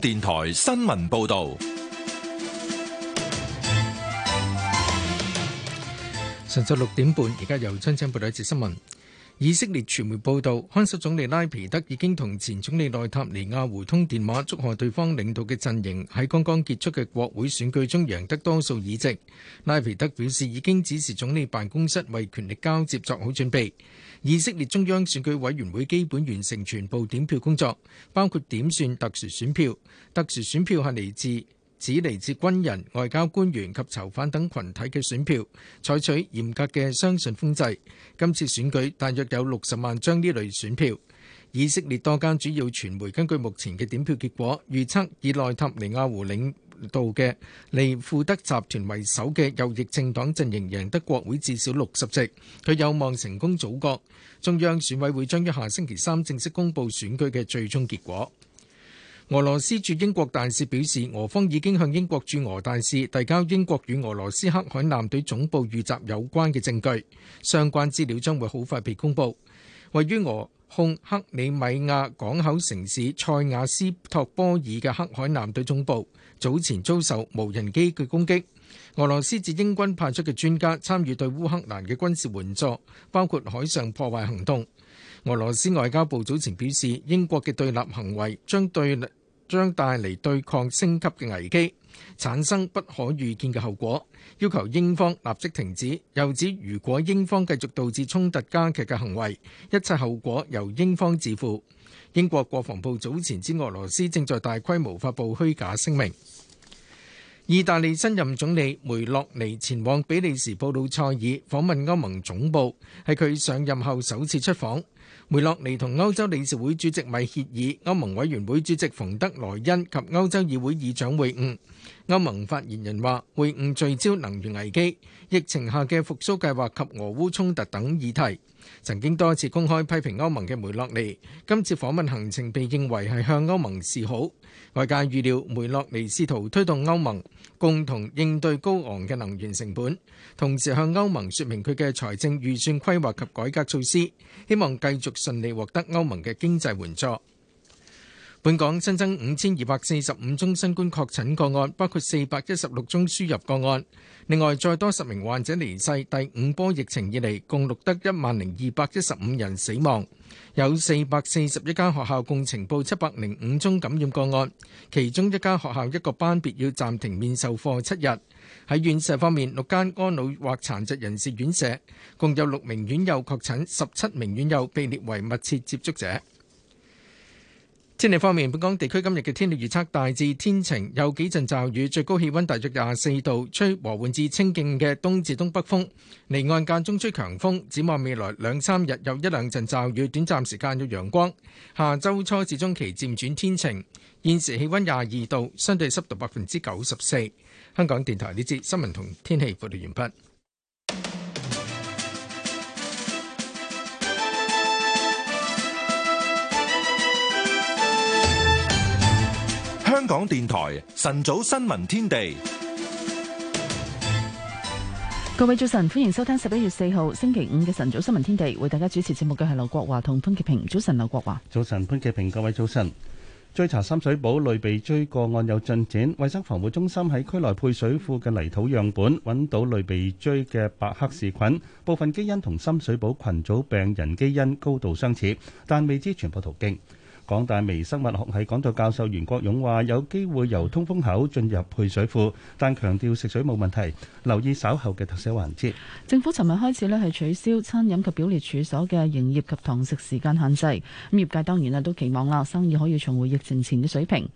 電台新聞報道，上晝六點半，而家由張生報道一次新聞。以色列傳媒報道，看守總理拉皮德已經同前總理內塔尼亞胡通電話，祝賀對方領導嘅陣營喺剛剛結束嘅國會選舉中贏得多數議席。拉皮德表示，已經指示總理辦公室為權力交接作好準備。以色列中央選舉委員會基本完成全部點票工作，包括點算特殊選票。特殊選票係嚟自指嚟自軍人、外交官員及囚犯等羣體嘅選票，採取嚴格嘅雙信封制。今次選舉大約有六十萬張呢類選票。以色列多間主要傳媒根據目前嘅點票結果，預測以內塔尼亞胡領道嘅利富德集團為首嘅右翼政黨陣營贏得國會至少六十席，佢有望成功組閣。中央選委會將於下星期三正式公布選舉嘅最終結果。俄羅斯駐英國大使表示，俄方已經向英國駐俄大使遞交英國與俄羅斯黑海艦隊總部遇襲有關嘅證據，相關資料將會好快被公布。位於俄控克里米亞港口城市塞瓦斯托波爾嘅黑海艦隊總部，早前遭受無人機嘅攻擊，俄羅斯自英軍派出嘅專家參與對烏克蘭嘅軍事援助，包括海上破壞行動，俄羅斯外交部早前表示，英國嘅對立行為將對將帶嚟對抗升級嘅危機產生不可預見嘅後果，要求英方立即停止。又指如果英方繼續導致衝突加劇嘅行為一切後果由英方自負。英國國防部早前指俄羅斯正在大規模發布虛假聲明。意大利新任總理梅洛尼前往比利時布魯塞爾訪問歐盟總部，係佢上任後首次出訪。梅洛尼同歐洲理事會主席米歇爾、歐盟委員會主席馮德萊恩及歐洲議會議長會晤。歐盟發言人話，會晤聚焦能源危機、疫情下嘅復甦計劃及俄烏衝突等議題。曾經多次公開批評歐盟嘅梅洛尼，今次訪問行程被認為係向歐盟示好。外界預料梅洛尼試圖推動歐盟共同應對高昂嘅能源成本，同時向歐盟說明佢嘅財政預算規劃及改革措施，希望繼續順利獲得歐盟嘅經濟援助。本港新增五千二百四十五宗新冠確診個案，包括四百一十六宗輸入個案。另外，再多十名患者離世。第五波疫情以嚟，共錄得一萬零二百一十五人死亡。有四百四十一間學校共呈報七百零五宗感染個案，其中一間學校一個班別要暫停面授課七日。喺院舍方面，六間安老或殘疾人士院舍共有六名院友確診，十七名院友被列為密切接觸者。天氣方面，本港地區今日嘅天氣預測大致天晴，有幾陣驟雨，最高氣溫大約廿四度，吹和緩至清勁嘅東至東北風，離岸間中吹強風。展望未來兩三日有一兩陣驟雨，短暫時間有陽光。下周初至中期漸轉天晴。現時氣溫廿二度，相對濕度百分之九十四。香港電台呢節新聞同天氣報道完畢。香港電台晨早新聞天地，各位早晨，歡迎收聽十一月四號星期五嘅晨早新聞天地，為大家主持節目嘅係劉國華同潘潔平。早晨，劉國華，早晨，潘潔平，各位早晨。追查深水埗類鼻疽個案有進展，衛生防護中心喺區內配水庫嘅泥土樣本揾到類鼻疽嘅白黑氏菌，部分基因同深水埗群組病人基因高度相似，但未知傳播途徑。港大微生物學系講座教授袁國勇話有機會由通風口進入配水庫，但強調食水冇問題，留意稍後嘅特寫環節。政府尋日開始咧係取消餐飲及表列處所嘅營業及堂食時間限制，業界當然啊都期望啦，生意可以重回疫情前嘅水平。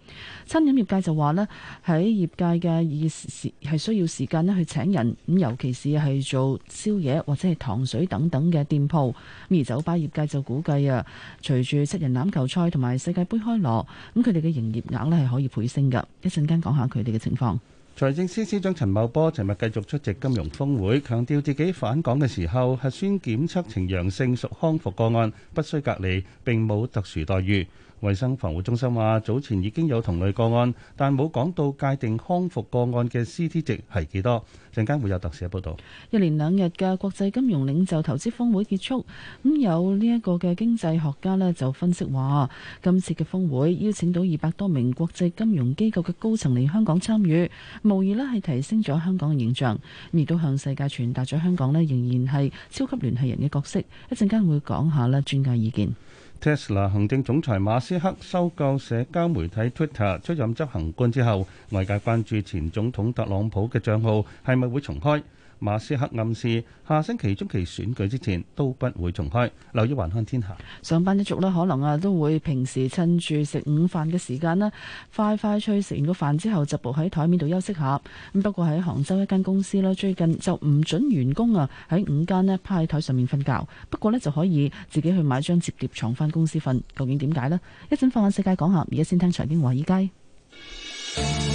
餐飲業界就話咧喺業界嘅二時係需要時間咧去請人，咁尤其是係做宵夜或者係糖水等等嘅店鋪，咁而酒吧業界就估計啊，隨住七人欖球賽同同埋世界杯開鑼，咁佢哋嘅營業額呢係可以倍升噶。講一陣間講下佢哋嘅情況。財政司司長陳茂波尋日繼續出席金融峰會，強調自己返港嘅時候核酸檢測呈陽性屬康復個案，不需隔離，並冇特殊待遇。衛生防護中心話，早前已經有同類個案，但冇講到界定康復個案嘅 C T 值係幾多。陣間會有特寫報道。一連兩日嘅國際金融領袖投資峰會結束，咁有呢一個嘅經濟學家咧就分析話，今次嘅峰會邀請到二百多名國際金融機構嘅高層嚟香港參與，無疑咧係提升咗香港嘅形象，亦都向世界傳達咗香港咧仍然係超級聯繫人嘅角色。一陣間會講下咧專家意見。Tesla 行政總裁馬斯克收購社交媒體 Twitter 出任執行官之後，外界關注前總統特朗普嘅賬號係咪會重開？馬斯克暗示下星期中期選舉之前都不會重開。留意環球天下。上班一族咧，可能啊，都會平時趁住食午飯嘅時間咧，快快脆食完個飯之後就坐喺台面度休息下。咁不過喺杭州一間公司咧，最近就唔准員工啊喺午間咧趴喺台上面瞓覺。不過咧就可以自己去買張摺疊床返公司瞓。究竟點解呢？一陣放眼世界講下，而家先聽財經華爾街。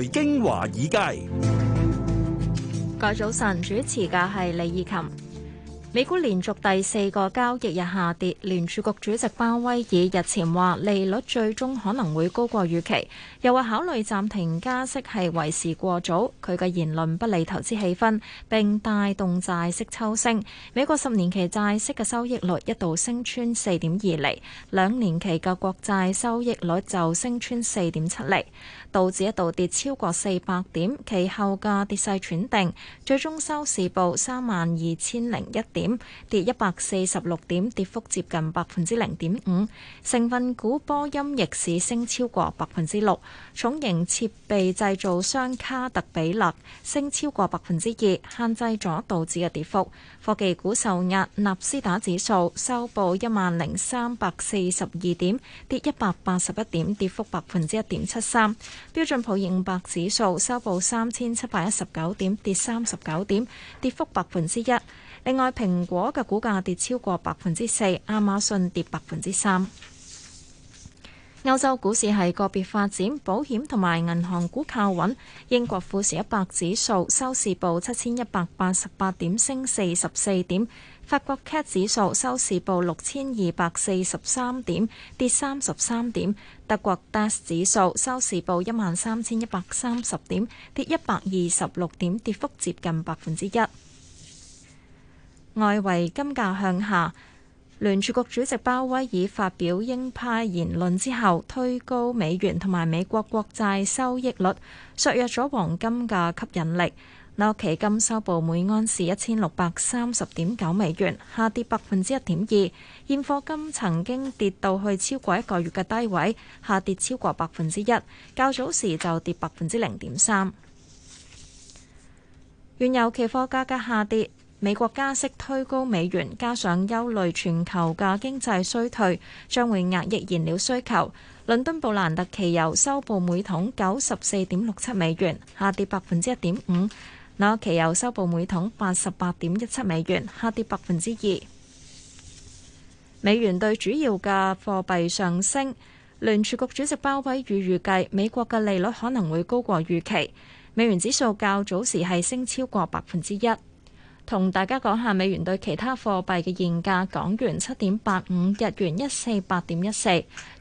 財經華爾街，各位早晨，主持嘅係李以琴。美股連續第四個交易日下跌。聯儲局主席鮑威爾日前話，利率最終可能會高過預期，又話考慮暫停加息係為時過早。佢嘅言論不利投資氣氛，並帶動債息抽升。美國十年期債息嘅收益率一度升穿四點二厘，兩年期嘅國債收益率就升穿四點七厘。道指一度跌超過四百點，其後嘅跌勢喘定，最終收市報三萬二千零一點，跌一百四十六點，跌幅接近百分之零點五。成分股波音逆市升超過百分之六，重型設備製造商卡特彼勒升超過百分之二，限制咗道指嘅跌幅。科技股受壓，納斯達克指數收報一萬零三百四十二點，跌一百八十一點，跌幅百分之一點七三。標準普爾五百指數收報三千七百一十九點，跌三十九點，跌幅百分之一。另外，蘋果嘅股價跌超過百分之四，亞馬遜跌百分之三。歐洲股市係個別發展，保險同埋銀行股靠穩。英國富時一百指數收市報七千一百八十八點，升四十四點。法國 CAC 指數收市報六千二百四十三點，跌三十三點；德國 DAX 指數收市報一萬三千一百三十點，跌一百二十六點，跌幅接近百分之一。外圍金價向下，聯儲局主席鮑威爾發表鷹派言論之後，推高美元同埋美國國債收益率，削弱咗黃金嘅吸引力。紐期金收報每安士一千六百三十點九美元，下跌百分之一點二。現貨金曾經跌到去超過一個月嘅低位，下跌超過百分之一。較早時就跌百分之零點三。原油期貨價格下跌，美國加息推高美元，加上憂慮全球嘅經濟衰退，將會壓抑抑燃料需求。倫敦布蘭特期油收報每桶九十四點六七美元，下跌百分之一點五。那期油收報每桶八十八點一七美元，下跌百分之二。美元對主要嘅貨幣上升。聯儲局主席鮑威爾預計美國嘅利率可能會高過預期。美元指數較早時係升超過百分之一。同大家講下美元對其他貨幣嘅現價：港元七點八五，日元一四八點一四，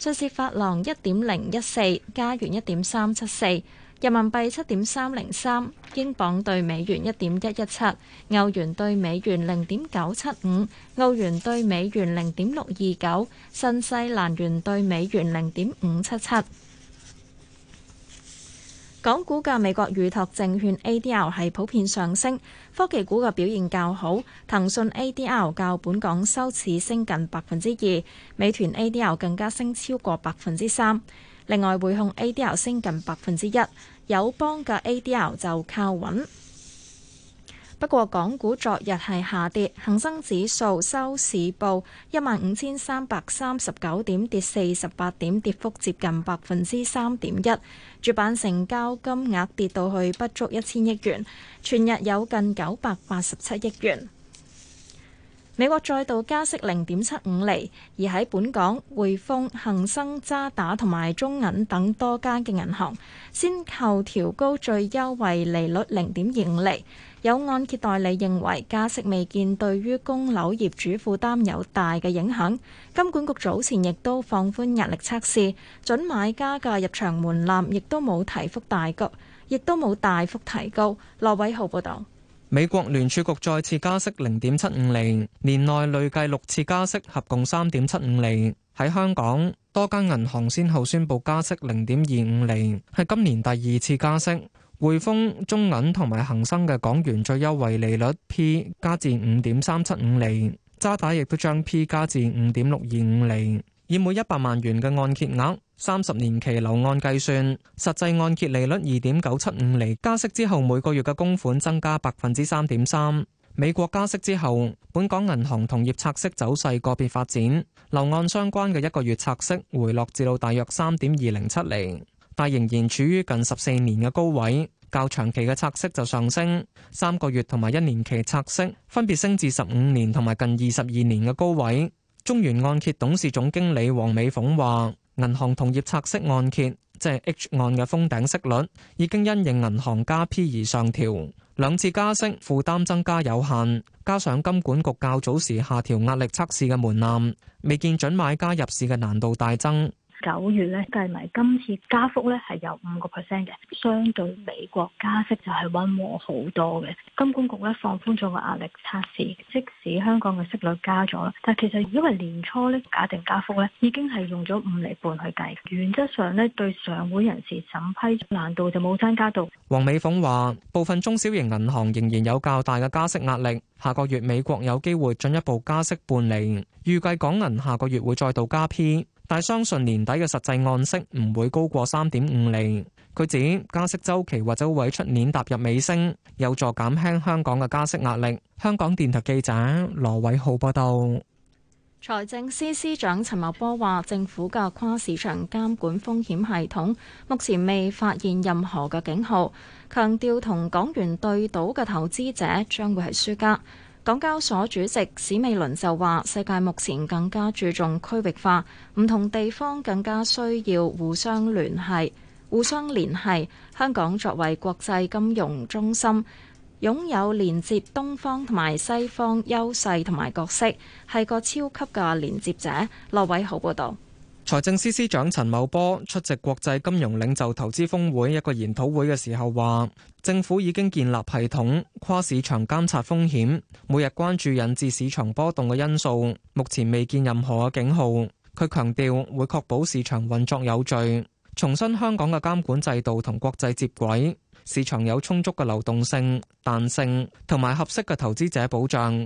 瑞士法郎一點零一四，加元一點三七四。人民幣七點三零三，英鎊對美元一點一一七，歐元對美元零點九七五，澳元對美元零點六二九，新西蘭元對美元零點五七七。港股嘅美國預託證券 A D L 係普遍上升，科技股嘅表現較好，騰訊 A D L 較本港收市升近百分之二，美團 A D L 更加升超過百分之三，另外匯控 A D L 升近百分之一。友邦嘅 ADR 就靠穩。不過港股昨日係下跌，恒生指數收市報一萬五千三百三十九點，跌四十八點，跌幅接近百分之三點一。主板成交金額跌到去不足一千億元，全日有近九百八十七億元。美國再度加息零點七五厘，而喺本港匯豐、恒生、渣打同埋中銀等多家嘅銀行先後調高最優惠利率零點二五厘。有按揭代理認為加息未見對於供樓業主負擔有大嘅影響。金管局早前亦都放寬壓力測試，準買家嘅入場門檻亦都冇提幅大局，局亦都冇大幅提高。羅偉浩報道。美國聯儲局再次加息零點七五厘，年內累計六次加息，合共三點七五厘。喺香港，多間銀行先後宣佈加息零點二五厘，係今年第二次加息。匯豐、中銀同埋恒生嘅港元最優惠利率 p 加至五點三七五厘，渣打亦都將 p 加至五點六二五厘，以每一百萬元嘅按揭額。三十年期樓按計算，實際按揭利率，二點九七五厘，加息之後每個月嘅供款增加百分之三點三。美國加息之後，本港銀行同業拆息走勢個別發展，樓按相關嘅一個月拆息回落至到大約三點二零七厘，但仍然處於近十四年嘅高位。較長期嘅拆息就上升，三個月同埋一年期拆息分別升至十五年同埋近二十二年嘅高位。中原按揭董事總經理黃美鳳話。銀行同業拆息按揭，即係 H 按嘅封頂息率，已經因應銀行加 P 而上調兩次加息，負擔增加有限。加上金管局較早時下調壓力測試嘅門檻，未見準買家入市嘅難度大增。九月咧計埋今次加幅咧係有五個 percent 嘅，相對美國加息就係溫和好多嘅。金管局咧放寬咗個壓力測試，即使香港嘅息率加咗，但其實因為年初咧假定加幅咧已經係用咗五厘半去計，原則上咧對上會人士審批難度就冇增加到。黃美鳳話：部分中小型銀行仍然有較大嘅加息壓力，下個月美國有機會進一步加息半釐，預計港銀下個月會再度加 P。但係相信年底嘅實際按息唔會高過三點五厘，佢指加息周期或者會出年踏入尾聲，有助減輕香港嘅加息壓力。香港電台記者羅偉浩報道。財政司司長陳茂波話，政府嘅跨市場監管風險系統目前未發現任何嘅警號，強調同港元對賭嘅投資者將會係輸家。港交所主席史美倫就話：世界目前更加注重區域化，唔同地方更加需要互相聯繫，互相聯繫。香港作為國際金融中心，擁有連接東方同埋西方優勢同埋角色，係個超級嘅連接者。羅偉豪報道。財政司司長陳茂波出席國際金融領袖投資峰會一個研討會嘅時候話，政府已經建立系統跨市場監察風險，每日關注引致市場波動嘅因素，目前未見任何嘅警號。佢強調會確保市場運作有序，重申香港嘅監管制度同國際接軌，市場有充足嘅流動性、彈性同埋合適嘅投資者保障。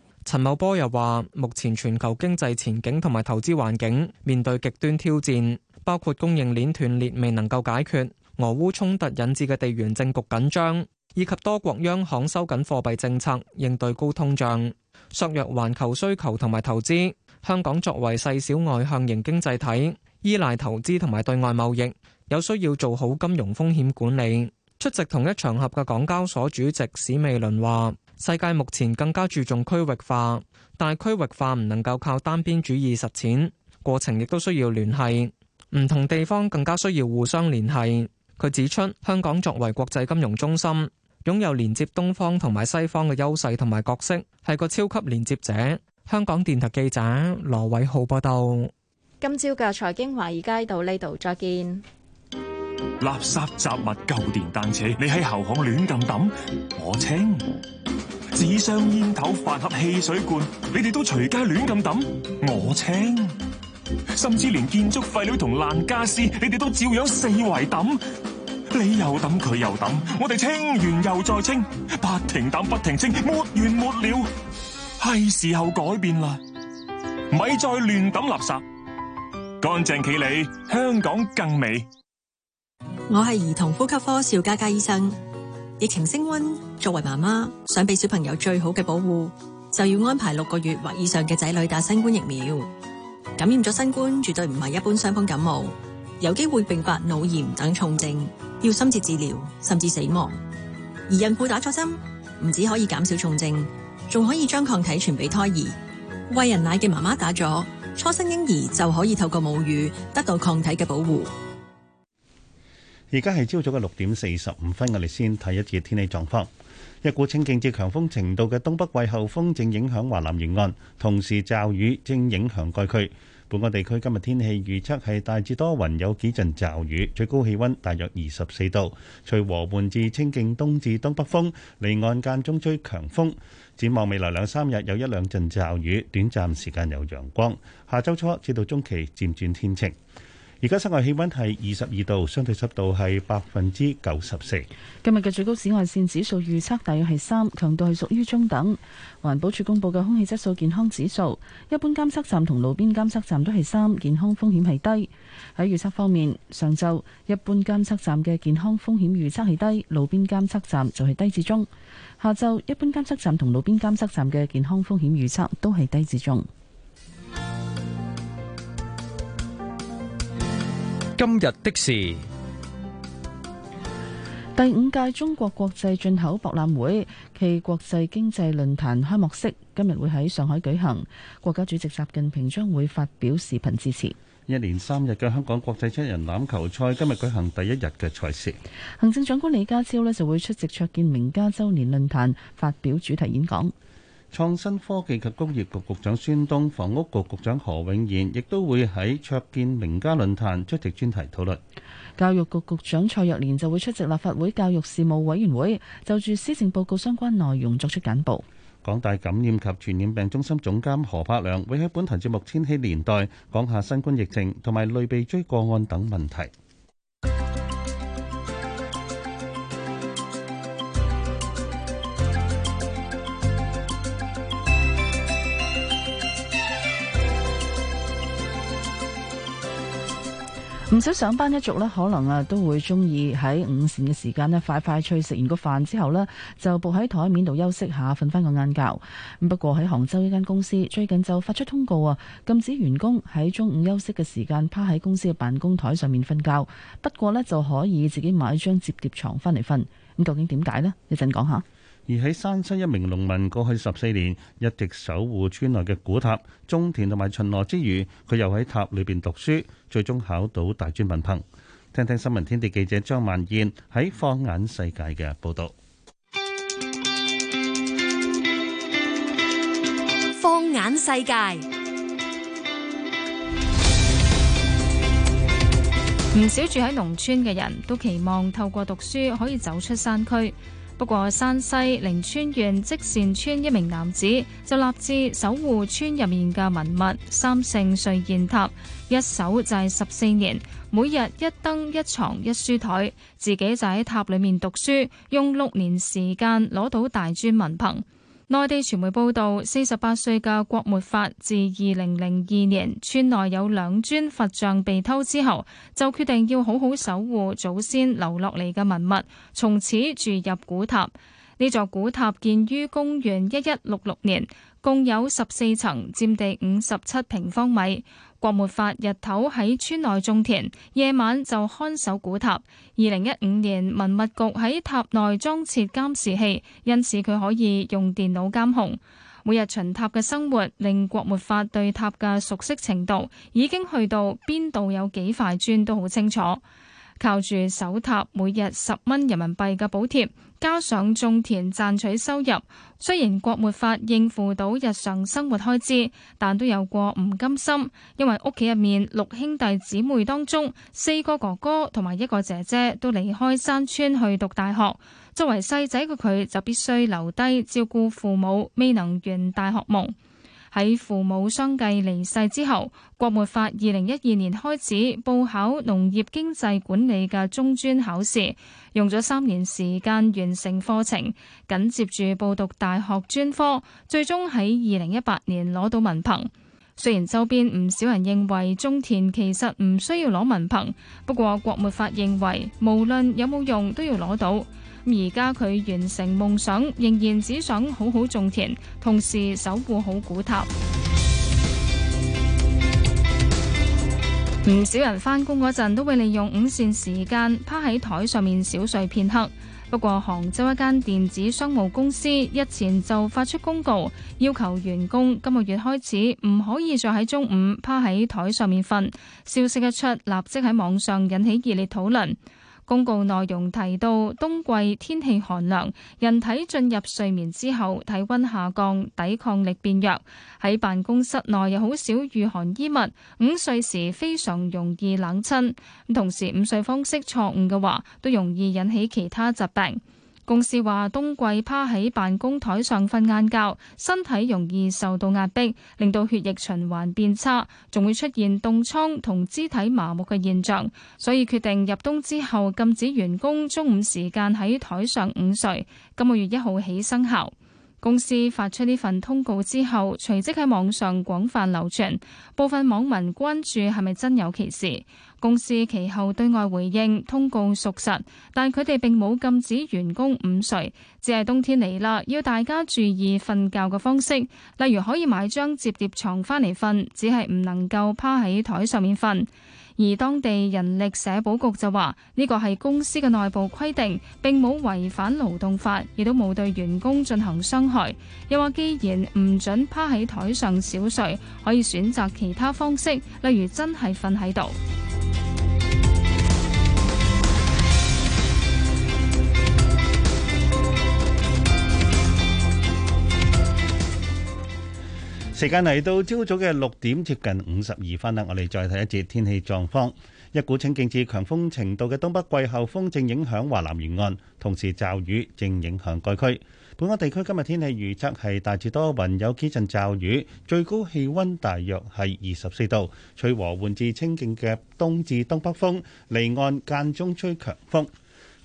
陳茂波又話：目前全球經濟前景同埋投資環境面對極端挑戰，包括供應鏈斷裂未能夠解決、俄烏衝突引致嘅地緣政局緊張，以及多國央行收緊貨幣政策，應對高通脹，削弱環球需求同埋投資。香港作為細小外向型經濟體，依賴投資同埋對外貿易，有需要做好金融風險管理。出席同一場合嘅港交所主席史美倫話。世界目前更加注重區域化，但係區域化唔能夠靠單邊主義實踐，過程亦都需要聯繫，唔同地方更加需要互相聯繫。佢指出，香港作為國際金融中心，擁有連接東方同埋西方嘅優勢同埋角色，係個超級連接者。香港電台記者羅偉浩報道。今朝嘅財經華爾街到呢度再見。垃圾雜物舊電單車，你喺後巷亂咁抌，我清。紙箱、煙頭、飯盒、汽水罐，你哋都隨街亂咁抌，我清；甚至連建築廢料同爛家私，你哋都照樣四圍抌。你又抌，佢又抌，我哋清完又再清，不停抌不停清，沒完沒了。係時候改變啦，咪再亂抌垃圾，乾淨企理，香港更美。我係兒童呼吸科邵嘉嘉醫生，疫情升溫，作為媽媽想俾小朋友最好嘅保護，就要安排六個月或以上嘅仔女打新冠疫苗。感染咗新冠絕對唔係一般傷風感冒，有機會併發腦炎等重症，要深切治療甚至死亡。而孕婦打咗針唔止可以減少重症，仲可以將抗體傳俾胎兒。喂人奶嘅媽媽打咗，初生嬰兒就可以透過母乳得到抗體嘅保護。而家係朝早嘅六點四十五分，我哋先睇一次天氣狀況。一股清勁至強風程度嘅東北季候風正影響華南沿岸，同時驟雨正影響該區。本港地區今日天氣預測係大致多雲，有幾陣驟雨，最高氣溫大約二十四度。隨和緩至清勁東至東北風，離岸間中吹強風。展望未來兩三日有一兩陣驟雨，短暫時間有陽光。下周初至到中期漸轉天晴。而家室外氣溫係二十二度，相對濕度係百分之九十四。今日嘅最高紫外線指數預測大約係三，強度係屬於中等。環保署公佈嘅空氣質素健康指數，一般監測站同路邊監測站都係三，健康風險係低。喺預測方面，上晝一般監測站嘅健康風險預測係低，路邊監測站就係低至中。下晝一般監測站同路邊監測站嘅健康風險預測都係低至中。今日的事，第五屆中國國際進口博覽會暨國際經濟論壇開幕式今日會喺上海舉行，國家主席習近平將會發表視頻致辭。一連三日嘅香港國際七人欖球賽今日舉行第一日嘅賽事，行政長官李家超咧就會出席卓建明家周年論壇發表主題演講。創新科技及工業局局長孫東、房屋局局長何永賢亦都會喺卓見名家論壇出席專題討論。教育局局長蔡若蓮就會出席立法會教育事務委員會，就住施政報告相關內容作出簡報。港大感染及傳染病中心總監何柏良會喺本台節目《千禧年代》講下新冠疫情同埋類鼻疽個案等問題。唔少上班一族咧，可能啊都會中意喺午膳嘅時間咧，快快脆食完個飯之後咧，就伏喺台面度休息下，瞓翻個晏覺。咁不過喺杭州一間公司最近就發出通告啊，禁止員工喺中午休息嘅時間趴喺公司嘅辦公台上面瞓覺。不過呢，就可以自己買一張折疊床翻嚟瞓。咁究竟點解呢？一陣講一下。而喺山西一名農民過去十四年一直守護村內嘅古塔，種田同埋巡邏之餘，佢又喺塔裏邊讀書，最終考到大專文憑。聽聽新聞天地記者張萬燕喺《放眼世界》嘅報道。放眼世界，唔少住喺農村嘅人都期望透過讀書可以走出山區。不過山西靈川縣積善村一名男子就立志守護村入面嘅文物三聖瑞現塔，一守就係十四年，每日一燈一床一書台，自己就喺塔裏面讀書，用六年時間攞到大專文憑。內地傳媒報導，四十八歲嘅郭末法自二零零二年村內有兩尊佛像被偷之後，就決定要好好守護祖先留落嚟嘅文物，從此住入古塔。呢座古塔建於公元一一六六年，共有十四層，佔地五十七平方米。郭末法日頭喺村內種田，夜晚就看守古塔。二零一五年文物局喺塔內裝設監視器，因此佢可以用電腦監控每日巡塔嘅生活，令郭末法對塔嘅熟悉程度已經去到邊度有幾塊磚都好清楚。靠住守塔每日十蚊人民幣嘅補貼。加上種田賺取收入，雖然國沒法應付到日常生活開支，但都有過唔甘心，因為屋企入面六兄弟姊妹當中，四個哥哥同埋一個姐姐都離開山村去讀大學，作為細仔嘅佢就必須留低照顧父母，未能圓大學夢。喺父母相繼離世之後，郭末法二零一二年開始報考農業經濟管理嘅中專考試，用咗三年時間完成課程，緊接住報讀大學專科，最終喺二零一八年攞到文憑。雖然周邊唔少人認為種田其實唔需要攞文憑，不過郭末法認為無論有冇用都要攞到。而家佢完成夢想，仍然只想好好種田，同時守護好古塔。唔 少人返工嗰陣都會利用午膳時間趴喺台上面小睡片刻。不過，杭州一間電子商務公司日前就發出公告，要求員工今個月開始唔可以再喺中午趴喺台上面瞓。消息一出，立即喺網上引起熱烈討論。公告內容提到，冬季天氣寒涼，人體進入睡眠之後，體温下降，抵抗力變弱。喺辦公室內有好少御寒衣物，午睡時非常容易冷親。同時，午睡方式錯誤嘅話，都容易引起其他疾病。公司話冬季趴喺辦公台上瞓晏覺，身體容易受到壓迫，令到血液循環變差，仲會出現凍瘡同肢體麻木嘅現象，所以決定入冬之後禁止員工中午時間喺台上午睡，今個月一號起生效。公司發出呢份通告之後，隨即喺網上廣泛流傳，部分網民關注係咪真有其事。公司其後對外回應通告屬實，但佢哋並冇禁止員工午睡，只係冬天嚟啦，要大家注意瞓覺嘅方式，例如可以買張折疊床翻嚟瞓，只係唔能夠趴喺台上面瞓。而當地人力社保局就話：呢個係公司嘅內部規定，並冇違反勞動法，亦都冇對員工進行傷害。又話，既然唔准趴喺台上小睡，可以選擇其他方式，例如真係瞓喺度。時間嚟到朝早嘅六點接近五十二分啦，我哋再睇一節天氣狀況。一股清勁至強風程度嘅東北季候風正影響華南沿岸，同時驟雨正影響該區。本港地區今日天氣預測係大致多雲，有幾陣驟雨，最高氣溫大約係二十四度。吹和緩至清勁嘅東至東北風，離岸間中吹強風。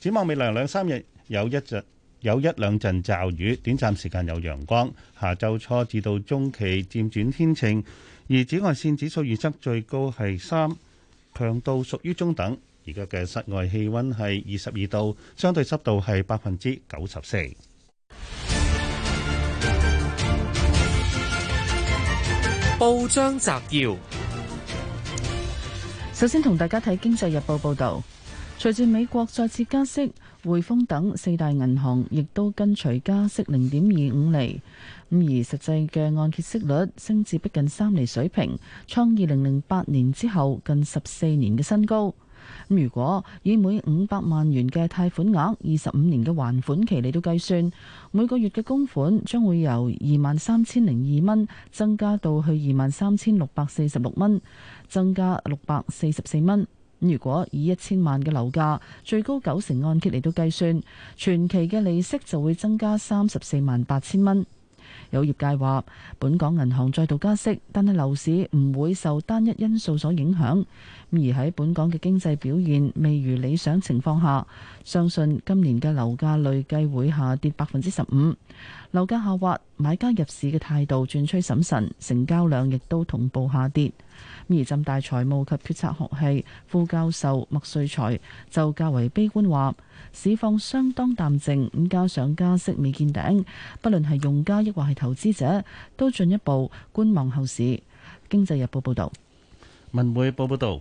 展望未來兩三日，有一日。有一兩陣驟雨，短暫時間有陽光。下周初至到中期漸轉天晴，而紫外線指數預測最高係三，強度屬於中等。而家嘅室外氣溫係二十二度，相對濕度係百分之九十四。報章摘要：首先同大家睇《經濟日報》報道，隨住美國再次加息。匯豐等四大銀行亦都跟隨加息零點二五厘，咁而實際嘅按揭息率升至逼近三厘水平，創二零零八年之後近十四年嘅新高。如果以每五百萬元嘅貸款額，二十五年嘅還款期嚟到計算，每個月嘅供款將會由二萬三千零二蚊增加到去二萬三千六百四十六蚊，增加六百四十四蚊。如果以一千萬嘅樓價，最高九成按揭嚟到計算，全期嘅利息就會增加三十四萬八千蚊。有業界話，本港銀行再度加息，但係樓市唔會受單一因素所影響。而喺本港嘅經濟表現未如理想情況下，相信今年嘅樓價累計會下跌百分之十五。樓價下滑，買家入市嘅態度轉趨審慎，成交量亦都同步下跌。而浸大財務及決策學系副教授麥瑞才就較為悲觀話：市況相當淡靜，五加上加息未見頂，不論係用家抑或係投資者，都進一步觀望後市。經濟日報報道，文匯報報道。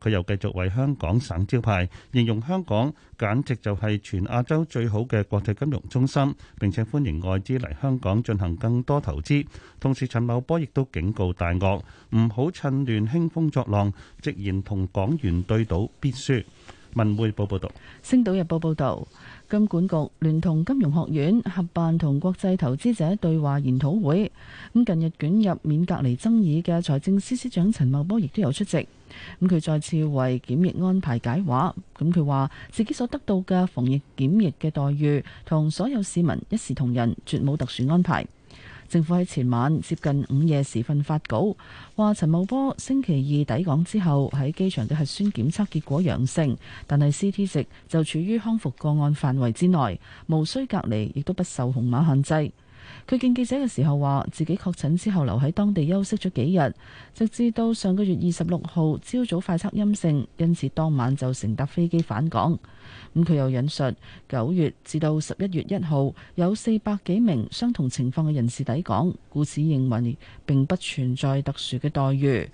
佢又繼續為香港省招牌，形容香港簡直就係全亞洲最好嘅國際金融中心，並且歡迎外資嚟香港進行更多投資。同時，陳茂波亦都警告大鱷唔好趁亂興風作浪，直言同港元對賭必輸。文匯報報導，《星島日報》報導。金管局聯同金融學院合辦同國際投資者對話研討會，咁近日捲入免隔離爭議嘅財政司司長陳茂波亦都有出席，咁佢再次為檢疫安排解話，咁佢話自己所得到嘅防疫檢疫嘅待遇同所有市民一視同仁，絕冇特殊安排。政府喺前晚接近午夜時分發稿，話陳茂波星期二抵港之後喺機場嘅核酸檢測結果陽性，但係 CT 值就處於康復個案範圍之內，無需隔離，亦都不受紅碼限制。佢見記者嘅時候話：自己確診之後留喺當地休息咗幾日，直至到上個月二十六號朝早快測陰性，因此當晚就乘搭飛機返港。咁佢又引述九月至到十一月一號有四百幾名相同情況嘅人士抵港，故此認為並不存在特殊嘅待遇。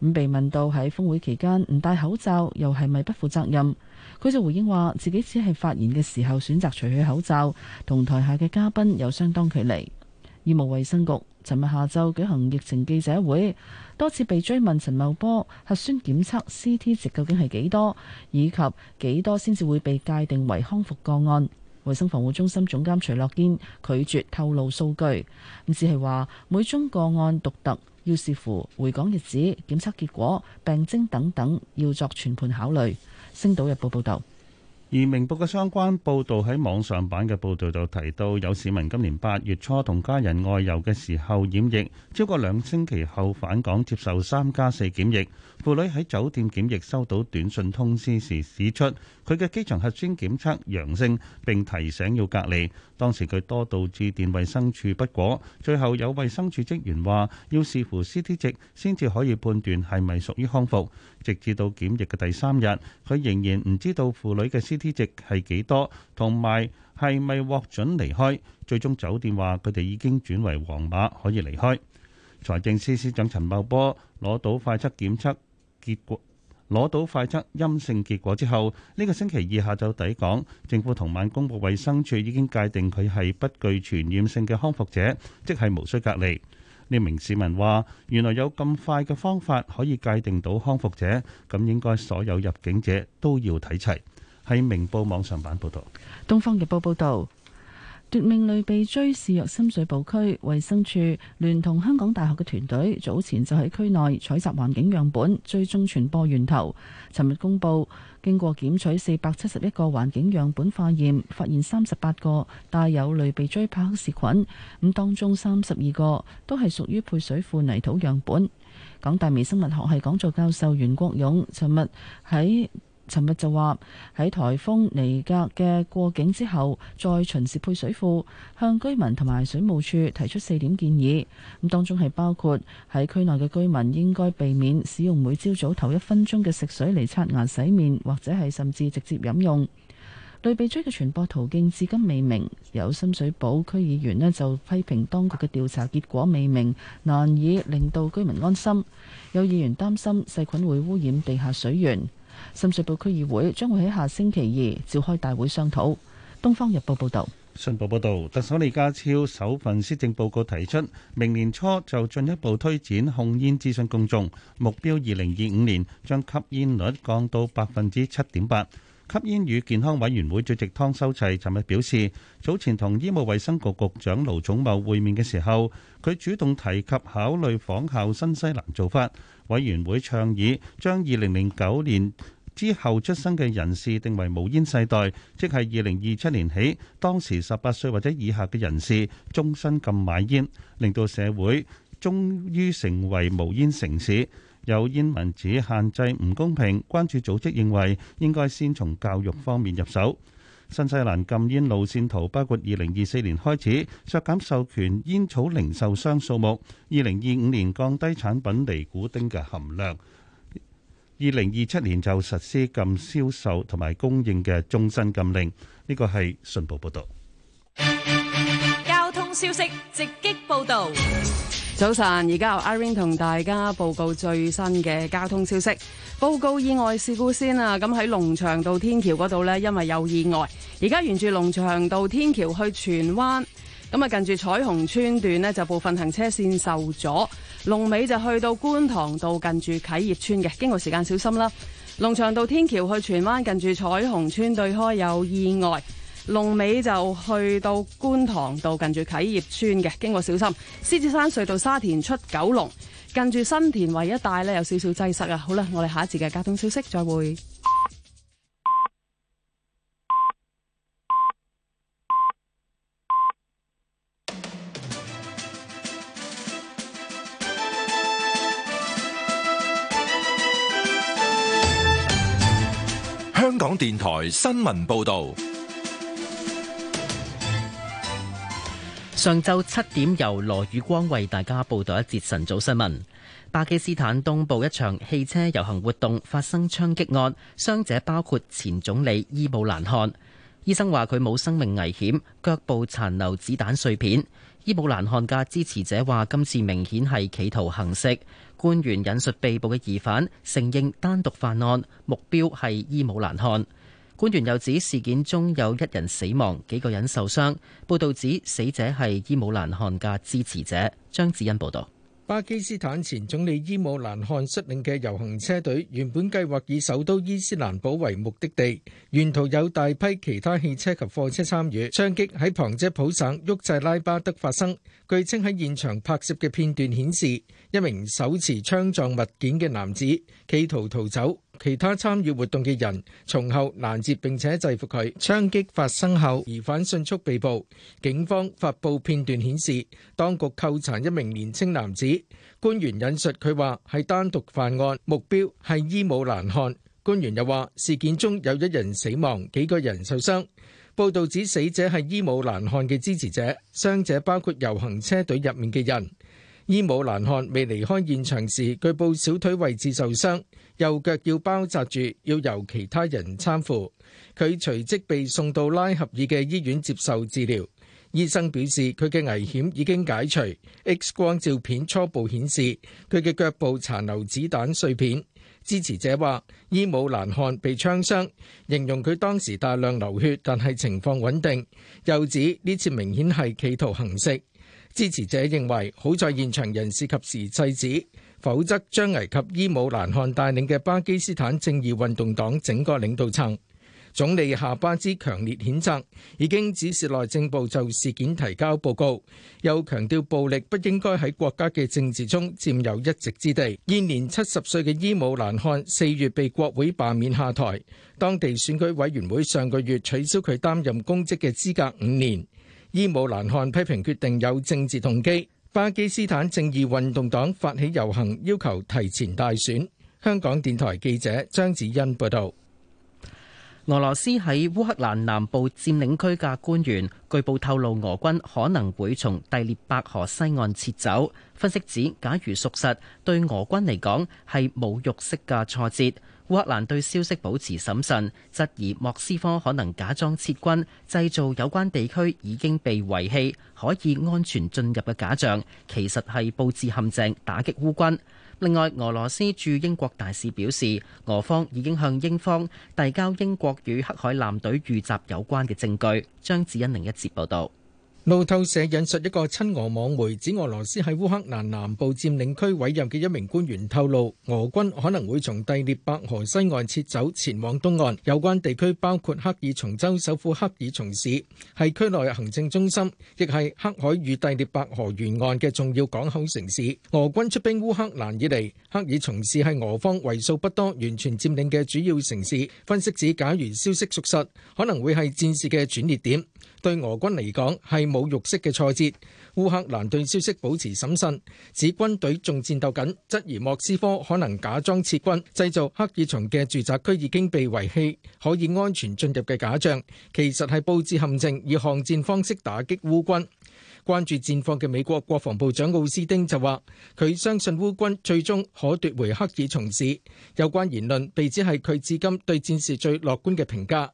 咁被問到喺峰會期間唔戴口罩又係咪不負責任？佢就回應話：自己只係發言嘅時候選擇除去口罩，同台下嘅嘉賓有相當距離。醫務衛生局尋日下晝舉行疫情記者會，多次被追問陳茂波核酸檢測 CT 值究竟係幾多，以及幾多先至會被界定為康復個案。衛生防護中心總監徐樂堅拒絕透露數據，咁只係話每宗個案獨特，要視乎回港日子、檢測結果、病徵等等，要作全盤考慮。星島日報報道，而明報嘅相關報道喺網上版嘅報道就提到，有市民今年八月初同家人外遊嘅時候染疫，超過兩星期後返港接受三加四檢疫。父女喺酒店檢疫收到短信通知時指出，佢嘅機場核酸檢測陽性，並提醒要隔離。當時佢多度致電衛生署不果，最後有衛生署職員話要視乎 CT 值先至可以判斷係咪屬於康復。直至到檢疫嘅第三日，佢仍然唔知道婦女嘅 CT 值係幾多，同埋係咪獲准離開。最終酒店話佢哋已經轉為黃碼，可以離開。財政司司長陳茂波攞到快速檢測結果，攞到快測陰性結果之後，呢、這個星期二下晝抵港，政府同晚公佈衞生署已經界定佢係不具傳染性嘅康復者，即係無需隔離。呢名市民話：原來有咁快嘅方法可以界定到康復者，咁應該所有入境者都要睇齊。喺《明報》網上版報道，《東方日報》報道。奪命類鼻疽肆虐深水埗區，衛生署聯同香港大學嘅團隊，早前就喺區內採集環境樣本，追蹤傳播源頭。尋日公佈，經過檢取四百七十一個環境樣本化驗，發現三十八個帶有類鼻疽柏克氏菌，咁當中三十二個都係屬於配水庫泥土樣本。港大微生物學系講座教授袁國勇尋日喺尋日就話喺颱風尼格嘅過境之後，再巡視配水庫，向居民同埋水務處提出四點建議。咁當中係包括喺區內嘅居民應該避免使用每朝早頭一分鐘嘅食水嚟刷牙、洗面，或者係甚至直接飲用。類鼻疽嘅傳播途徑至今未明，有深水埗區議員呢就批評當局嘅調查結果未明，難以令到居民安心。有議員擔心細菌會污染地下水源。深水埗區議會將會喺下星期二召開大會商討。東方日報報道，信報報道，特首李家超首份施政報告提出，明年初就進一步推展控煙諮詢公眾，目標二零二五年將吸煙率降到百分之七點八。吸煙與健康委員會主席湯修齊尋日表示，早前同醫務衛生局局長盧寵茂會面嘅時候，佢主動提及考慮仿效新西蘭做法，委員會倡議將二零零九年之後出生嘅人士定為無煙世代，即係二零二七年起，當時十八歲或者以下嘅人士終身禁買煙，令到社會終於成為無煙城市。有煙民指限制唔公平，關注組織認為應該先從教育方面入手。新西蘭禁煙路線圖包括：二零二四年開始削減授權煙草零售商數目；二零二五年降低產品尼古丁嘅含量；二零二七年就實施禁銷售同埋供應嘅終身禁令。呢個係信報報導。交通消息直擊報導。早晨，而家由 Irene 同大家報告最新嘅交通消息。報告意外事故先啊！咁喺龍翔道天橋嗰度呢，因為有意外，而家沿住龍翔道天橋去荃灣，咁啊近住彩虹村段呢，就部分行車線受阻。龍尾就去到觀塘道近住啟業村嘅，經過時間小心啦。龍翔道天橋去荃灣近住彩虹村對開有意外。龍尾就去到觀塘道近住啟業村嘅，經過小心。獅子山隧道沙田出九龍，近住新田圍一帶呢，有少少擠塞啊！好啦，我哋下一節嘅交通消息再會。香港電台新聞報道。上晝七點，由羅宇光為大家報道一節晨早新聞。巴基斯坦東部一場汽車遊行活動發生槍擊案，傷者包括前總理伊姆蘭汗。醫生話佢冇生命危險，腳部殘留子彈碎片。伊姆蘭汗嘅支持者話今次明顯係企圖行刺。官員引述被捕嘅疑犯承認單獨犯案，目標係伊姆蘭汗。官員又指事件中有一人死亡，幾個人受傷。報道指死者係伊姆蘭汗嘅支持者。張子欣報導。巴基斯坦前總理伊姆蘭汗率領嘅遊行車隊原本計劃以首都伊斯蘭堡為目的地，沿途有大批其他汽車及貨車參與。槍擊喺旁遮普省沃濟拉巴德發生。據稱喺現場拍攝嘅片段顯示，一名手持槍狀物件嘅男子企圖逃走，其他參與活動嘅人從後攔截並且制服佢。槍擊發生後，疑犯迅速被捕。警方發布片段顯示，當局扣查一名年輕男子。官員引述佢話係單獨犯案，目標係伊姆蘭汗。官員又話事件中有一人死亡，幾個人受傷。報道指死者係伊姆蘭汗嘅支持者，傷者包括遊行車隊入面嘅人。伊姆蘭汗未離開現場時，腳部小腿位置受傷，右腳要包紮住，要由其他人攙扶。佢隨即被送到拉合爾嘅醫院接受治療。醫生表示佢嘅危險已經解除，X 光照片初步顯示佢嘅腳部殘留子彈碎片。支持者話：伊姆蘭汗被槍傷，形容佢當時大量流血，但係情況穩定。又指呢次明顯係企圖行刺。支持者認為好在現場人士及時制止，否則將危及伊姆蘭汗帶領嘅巴基斯坦正義運動黨整個領導層。總理夏巴茲強烈譴責，已經指示內政部就事件提交報告，又強調暴力不應該喺國家嘅政治中佔有一席之地。現年七十歲嘅伊姆蘭漢四月被國會罷免下台，當地選舉委員會上個月取消佢擔任公職嘅資格五年。伊姆蘭漢批評決定有政治動機。巴基斯坦正義運動黨發起遊行，要求提前大選。香港電台記者張子欣報道。俄羅斯喺烏克蘭南部佔領區嘅官員據報透露，俄軍可能會從第聶伯河西岸撤走。分析指，假如屬實，對俄軍嚟講係侮辱式嘅挫折。烏克蘭對消息保持審慎，質疑莫斯科可能假裝撤軍，製造有關地區已經被遺棄、可以安全進入嘅假象，其實係佈置陷阱，打擊烏軍。另外，俄羅斯駐英國大使表示，俄方已經向英方遞交英國與黑海艦隊遇襲有關嘅證據，張智欣另一節報導。路透社引述一個親俄網媒指，俄羅斯喺烏克蘭南部佔領區委任嘅一名官員透露，俄軍可能會從第聶伯河西岸撤走，前往東岸。有關地區包括克爾松州首府克爾松市，係區內行政中心，亦係黑海與第聶伯河沿岸嘅重要港口城市。俄軍出兵烏克蘭以嚟，克爾松市係俄方為數不多完全佔領嘅主要城市。分析指，假如消息屬實，可能會係戰事嘅轉捩點。對俄軍嚟講係侮辱式嘅挫折。烏克蘭對消息保持審慎，指軍隊仲戰鬥緊，質疑莫斯科可能假裝撤軍，製造赫爾松嘅住宅區已經被遺棄，可以安全進入嘅假象，其實係佈置陷阱，以巷戰方式打擊烏軍。關注戰況嘅美國國防部長奧斯丁就話：佢相信烏軍最終可奪回赫爾松市。有關言論被指係佢至今對戰事最樂觀嘅評價。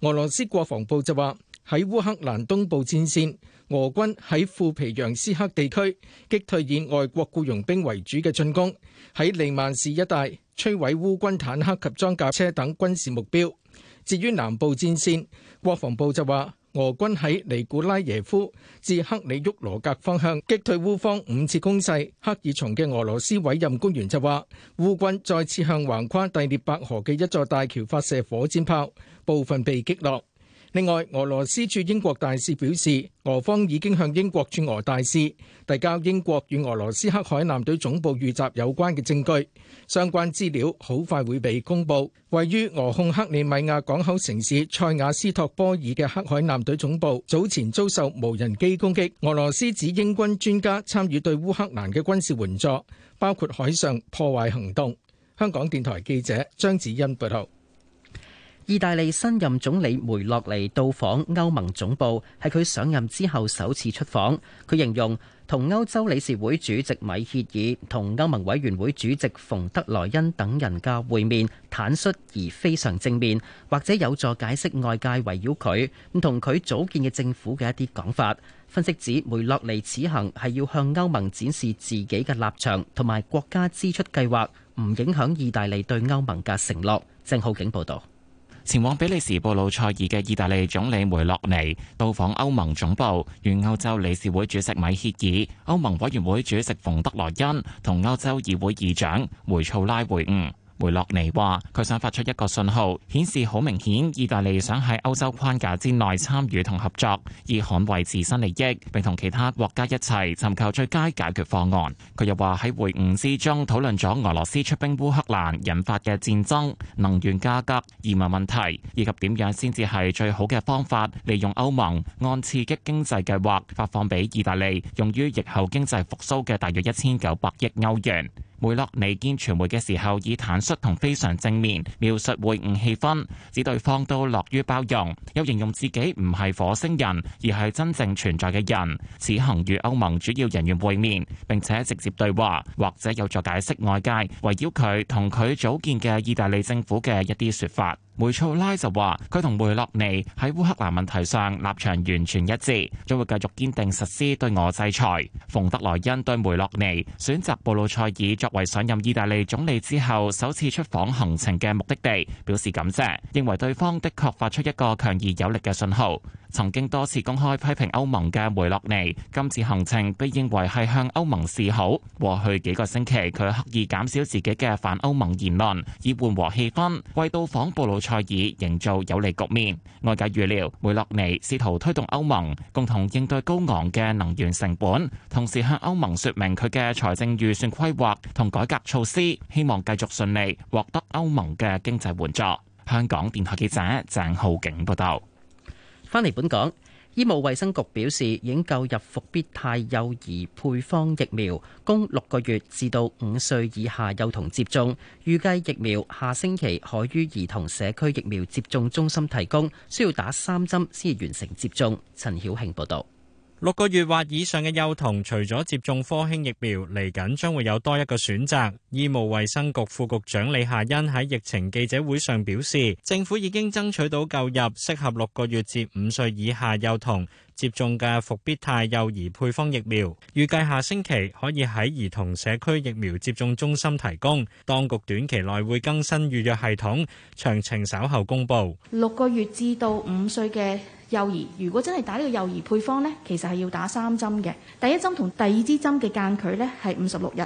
俄羅斯國防部就話。喺烏克蘭東部戰線，俄軍喺庫皮揚斯克地區擊退以外國僱傭兵為主嘅進攻；喺利曼市一帶摧毀烏軍坦克及裝甲車等軍事目標。至於南部戰線，國防部就話俄軍喺尼古拉耶夫至克里沃羅格方向擊退烏方五次攻勢。克爾松嘅俄羅斯委任官員就話，烏軍再次向橫跨第聶伯河嘅一座大橋發射火箭炮，部分被擊落。另外，俄羅斯駐英國大使表示，俄方已經向英國駐俄大使遞交英國與俄羅斯黑海艦隊總部遇襲有關嘅證據，相關資料好快會被公佈。位於俄控克里米亞港口城市塞瓦斯托波爾嘅黑海艦隊總部早前遭受無人機攻擊，俄羅斯指英軍專家參與對烏克蘭嘅軍事援助，包括海上破壞行動。香港電台記者張子欣報道。意大利新任總理梅洛尼到訪歐盟總部，係佢上任之後首次出訪。佢形容同歐洲理事會主席米歇爾同歐盟委員會主席馮德萊恩等人嘅會面坦率而非常正面，或者有助解釋外界圍繞佢唔同佢組建嘅政府嘅一啲講法。分析指梅洛尼此行係要向歐盟展示自己嘅立場，同埋國家支出計劃，唔影響意大利對歐盟嘅承諾。鄭浩景報道。前往比利時布魯塞爾嘅意大利總理梅洛尼到訪歐盟總部，與歐洲理事會主席米歇爾、歐盟委員會主席馮德萊恩同歐洲議會議長梅措拉會晤。梅洛尼話，佢想發出一個信號顯示好明顯，意大利想喺歐洲框架之內參與同合作，以捍衛自身利益，並同其他國家一齊尋求最佳解決方案。佢又話，喺會晤之中討論咗俄羅斯出兵烏克蘭引發嘅戰爭，能源價格、移民問題，以及點樣先至係最好嘅方法，利用歐盟按刺激經濟計劃發放俾意大利用於疫後經濟復蘇嘅大約一千九百億歐元。梅洛尼見傳媒嘅時候，以坦率同非常正面描述會晤氣氛，指對方都樂於包容，又形容自己唔係火星人，而係真正存在嘅人。此行與歐盟主要人員會面，並且直接對話，或者有助解釋外界，圍繞佢同佢組建嘅意大利政府嘅一啲說法。梅措拉就話：佢同梅洛尼喺烏克蘭問題上立場完全一致，將會繼續堅定實施對俄制裁。馮德萊恩對梅洛尼選擇布魯塞爾作為上任意大利總理之後首次出訪行程嘅目的地表示感謝，認為對方的確發出一個強而有力嘅信號。曾經多次公開批評歐盟嘅梅洛尼，今次行程被認為係向歐盟示好。過去幾個星期，佢刻意減少自己嘅反歐盟言論，以緩和氣氛，為到訪布魯塞爾營造有利局面。外界預料，梅洛尼試圖推動歐盟共同應對高昂嘅能源成本，同時向歐盟說明佢嘅財政預算規劃同改革措施，希望繼續順利獲得歐盟嘅經濟援助。香港電台記者鄭浩景報道。返嚟本港，醫務衛生局表示，已經購入復必泰幼兒配方疫苗，供六個月至到五歲以下幼童接種。預計疫苗下星期可於兒童社區疫苗接種中心提供，需要打三針先完成接種。陳曉慶報導。六個月或以上嘅幼童，除咗接種科興疫苗，嚟緊將會有多一個選擇。醫務衛生局副局長李夏茵喺疫情記者會上表示，政府已經爭取到購入適合六個月至五歲以下幼童接種嘅復必泰幼兒配方疫苗，預計下星期可以喺兒童社區疫苗接種中心提供。當局短期內會更新預約系統，詳情稍後公佈。六個月至到五歲嘅幼兒如果真係打呢個幼兒配方咧，其實係要打三針嘅。第一針同第二支針嘅間距咧係五十六日，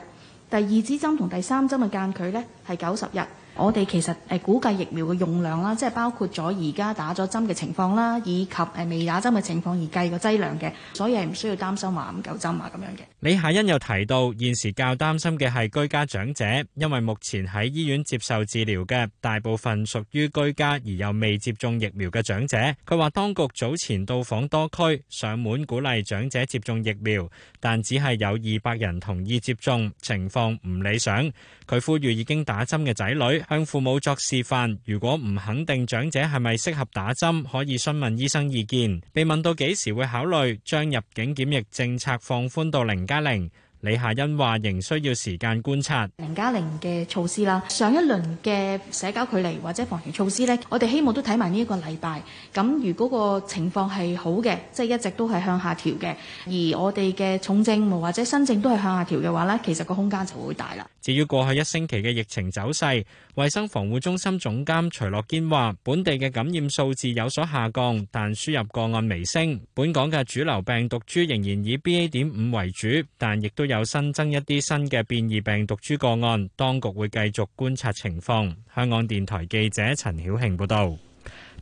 第二支針同第三針嘅間距咧係九十日。我哋其實誒估計疫苗嘅用量啦，即係包括咗而家打咗針嘅情況啦，以及誒未打針嘅情況而計個劑量嘅，所以係唔需要擔心話唔夠針啊咁樣嘅。李夏欣又提到，現時較擔心嘅係居家長者，因為目前喺醫院接受治療嘅大部分屬於居家而又未接種疫苗嘅長者。佢話當局早前到訪多區，上門鼓勵長者接種疫苗，但只係有二百人同意接種，情況唔理想。佢呼籲已經打針嘅仔女，向父母作示範，如果唔肯定長者係咪適合打針，可以詢問醫生意見。被問到幾時會考慮將入境檢疫政策放寬到零加零。0? 李夏欣話：仍需要時間觀察零加零嘅措施啦，上一輪嘅社交距離或者防疫措施呢，我哋希望都睇埋呢一個禮拜。咁如果個情況係好嘅，即係一直都係向下調嘅，而我哋嘅重症或者新症都係向下調嘅話呢，其實個空間就會大啦。至於過去一星期嘅疫情走勢，衞生防護中心總監徐樂堅話：本地嘅感染數字有所下降，但輸入個案微升。本港嘅主流病毒株仍然以 BA. 點五為主，但亦都有。有新增一啲新嘅變異病毒株個案，當局會繼續觀察情況。香港電台記者陳曉慶報道。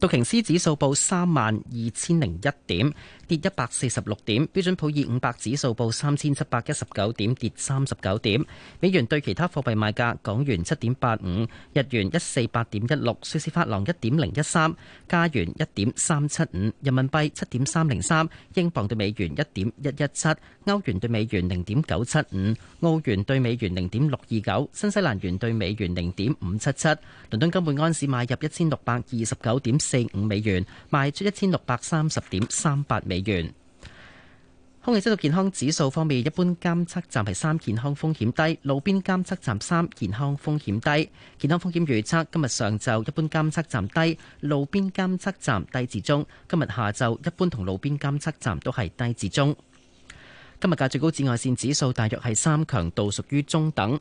道瓊斯指數報三萬二千零一點，跌一百四十六點。標準普爾五百指數報三千七百一十九點，跌三十九點。美元對其他貨幣賣價：港元七點八五，日元一四八點一六，瑞士法郎一點零一三，加元一點三七五，人民幣七點三零三，英鎊對美元一點一一七，歐元對美元零點九七五，澳元對美元零點六二九，新西蘭元對美元零點五七七。倫敦金本安市買入一千六百二十九點。四五美元賣出一千六百三十點三八美元。空氣質素健康指數方面，一般監測站係三，健康風險低，路邊監測站三，健康風險低。健康風險預測今日上晝一般監測站低，路邊監測站低至中。今日下晝一般同路邊監測站都係低至中。今日嘅最高紫外線指數大約係三，強度屬於中等。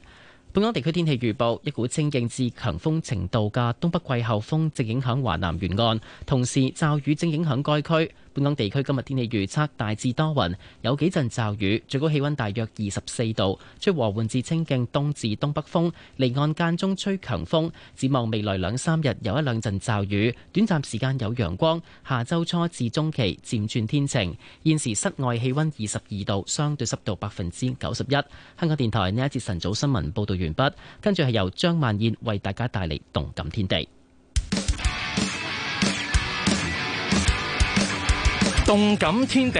本港地區天氣預報：一股清勁至強風程度嘅東北季候風正影響華南沿岸，同時驟雨正影響該區。香港地區今日天氣預測，大致多雲，有幾陣驟雨，最高氣溫大約二十四度，吹和緩至清勁東至東北風，離岸間中吹強風，展望未來兩三日有一兩陣驟雨，短暫時間有陽光。下周初至中期漸轉天晴。現時室外氣溫二十二度，相對濕度百分之九十一。香港電台呢一節晨早新聞報道完畢，跟住係由張曼燕為大家帶嚟動感天地。動感天地，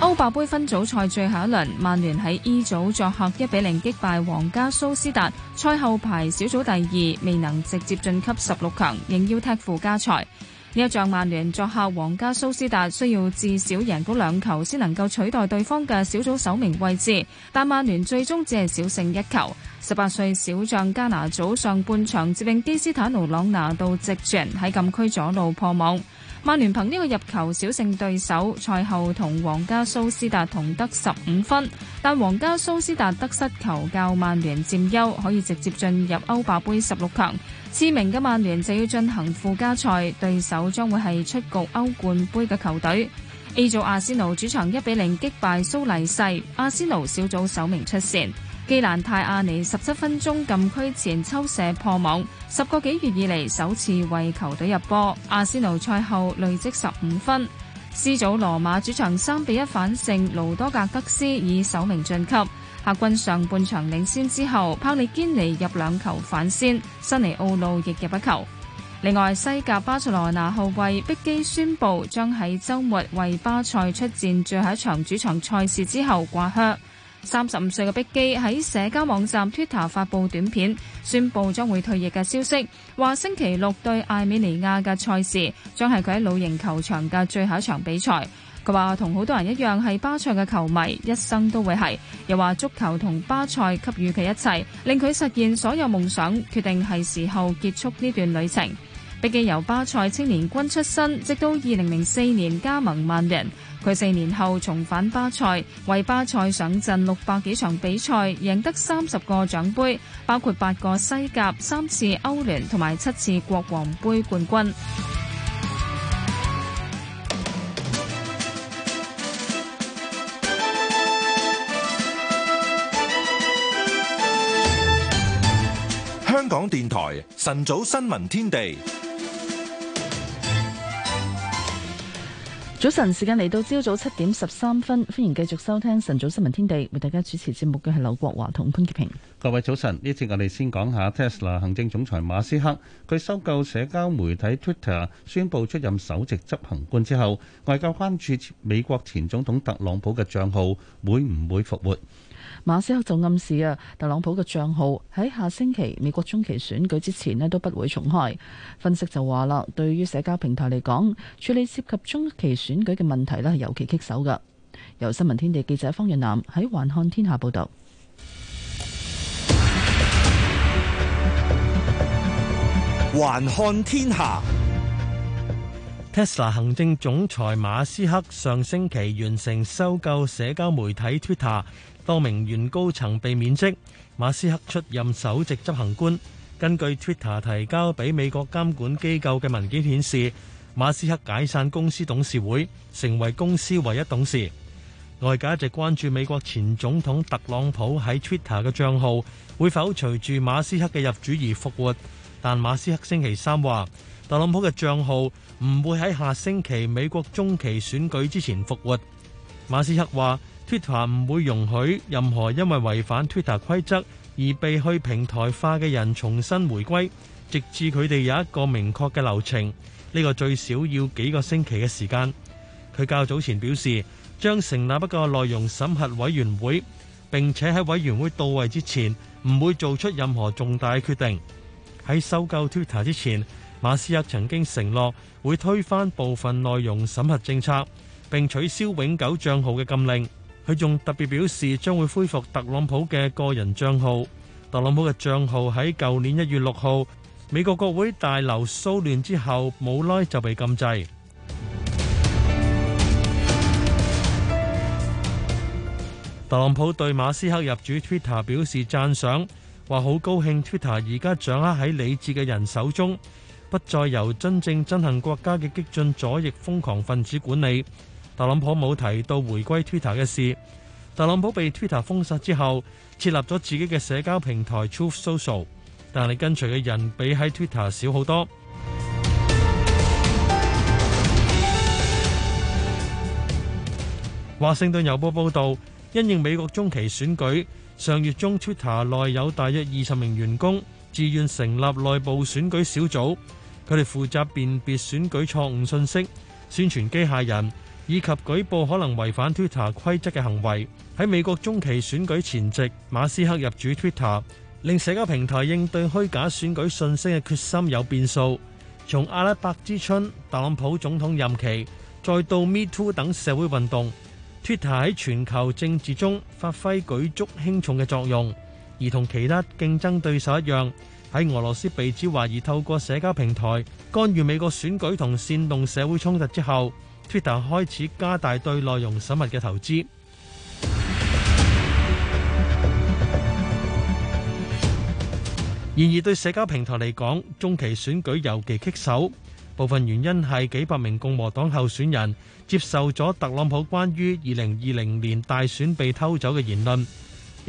歐霸盃分組賽最後一輪，曼聯喺 E 組作客一比零擊敗皇家蘇斯達，賽後排小組第二，未能直接晉級十六強，仍要踢附加賽。呢一仗曼聯作客皇家蘇斯達，需要至少贏到兩球，先能夠取代對方嘅小組首名位置。但曼聯最終只係小勝一球。十八歲小將加拿祖上半場接應基斯坦奴朗拿度直傳喺禁區左路破網。曼聯憑呢個入球小勝對手，賽後同皇家蘇斯達同得十五分，但皇家蘇斯達得失球較曼聯佔優，可以直接進入歐霸杯十六強。次名嘅曼聯就要進行附加賽，對手將會係出局歐冠杯嘅球隊。A 組阿仙奴主場一比零擊敗蘇黎世，阿仙奴小組首名出線。基蘭泰亞尼十七分鐘禁區前抽射破網，十個幾月以嚟首次為球隊入波。阿仙奴賽後累積十五分。斯祖羅馬主場三比一反勝，盧多格德斯以首名晉級。客軍上半場領先之後，帕利堅尼入兩球反先，辛尼奧路亦入一球。另外，西甲巴塞羅那後衛畢基宣布將喺周末為巴塞出戰最後一場主場賽事之後掛靴。三十五歲嘅碧基喺社交網站 Twitter 發布短片，宣布將會退役嘅消息。話星期六對艾美尼亞嘅賽事，將係佢喺魯營球場嘅最後一場比賽。佢話同好多人一樣係巴塞嘅球迷，一生都會係。又話足球同巴塞給予佢一切，令佢實現所有夢想。決定係時候結束呢段旅程。碧基由巴塞青年軍出身，直到二零零四年加盟曼聯。佢四年後重返巴塞，為巴塞上陣六百幾場比賽，贏得三十個獎杯，包括八個西甲、三次歐聯同埋七次國王杯冠軍。香港電台晨早新聞天地。早晨，時間嚟到朝早七點十三分，歡迎繼續收聽晨早新聞天地，為大家主持節目嘅係劉國華同潘潔平。各位早晨，呢次我哋先講下 Tesla 行政總裁馬斯克，佢收購社交媒體 Twitter，宣佈出任首席執行官之後，外交關注美國前總統特朗普嘅賬號會唔會復活。馬斯克就暗示啊，特朗普嘅賬號喺下星期美國中期選舉之前咧，都不會重開。分析就話啦，對於社交平台嚟講，處理涉及中期選舉嘅問題咧，係尤其棘手噶。由新聞天地記者方潤南喺《環看天下》報道，《環看天下》。Tesla 行政總裁馬斯克上星期完成收購社交媒體 Twitter。多名原高層被免職，馬斯克出任首席執行官。根據 Twitter 提交俾美國監管機構嘅文件顯示，馬斯克解散公司董事會，成為公司唯一董事。外界一直關注美國前總統特朗普喺 Twitter 嘅賬號會否隨住馬斯克嘅入主而復活，但馬斯克星期三話，特朗普嘅賬號唔會喺下星期美國中期選舉之前復活。馬斯克話。Twitter 唔會容許任何因為違反 Twitter 規則而被去平台化嘅人重新回歸，直至佢哋有一個明確嘅流程。呢個最少要幾個星期嘅時間。佢較早前表示，將成立一個內容審核委員會，並且喺委員會到位之前，唔會做出任何重大嘅決定。喺收購 Twitter 之前，馬斯克曾經承諾會推翻部分內容審核政策，並取消永久帳號嘅禁令。佢仲特別表示將會恢復特朗普嘅個人帳號。特朗普嘅帳號喺舊年一月六號美國國會大樓騷亂之後，冇耐就被禁制。特朗普對馬斯克入主 Twitter 表示讚賞，話好高興 Twitter 而家掌握喺理智嘅人手中，不再由真正憎恨國家嘅激進左翼瘋狂分子管理。特朗普冇提到回歸 Twitter 嘅事。特朗普被 Twitter 封殺之後，設立咗自己嘅社交平台 Truth Social，但係跟隨嘅人比喺 Twitter 少好多。華 盛頓郵報報道，因應美國中期選舉，上月中 Twitter 內有大約二十名員工自願成立內部選舉小組，佢哋負責辨別選舉錯誤信息、宣傳機械人，以及舉報可能違反 Twitter 規則嘅行為。喺美國中期選舉前夕，馬斯克入主 Twitter，令社交平台應對虛假選舉信息嘅決心有變數。從阿拉伯之春、特朗普總統任期，再到 Me Too 等社會運動，Twitter 喺全球政治中發揮舉足輕重嘅作用。而同其他競爭對手一樣，喺俄羅斯被指懷疑透過社交平台干預美國選舉同煽動社會衝突之後。Twitter 開始加大對內容審核嘅投資。 然而，對社交平台嚟講，中期選舉尤其棘手。部分原因係幾百名共和黨候選人接受咗特朗普關於二零二零年大選被偷走嘅言論。呢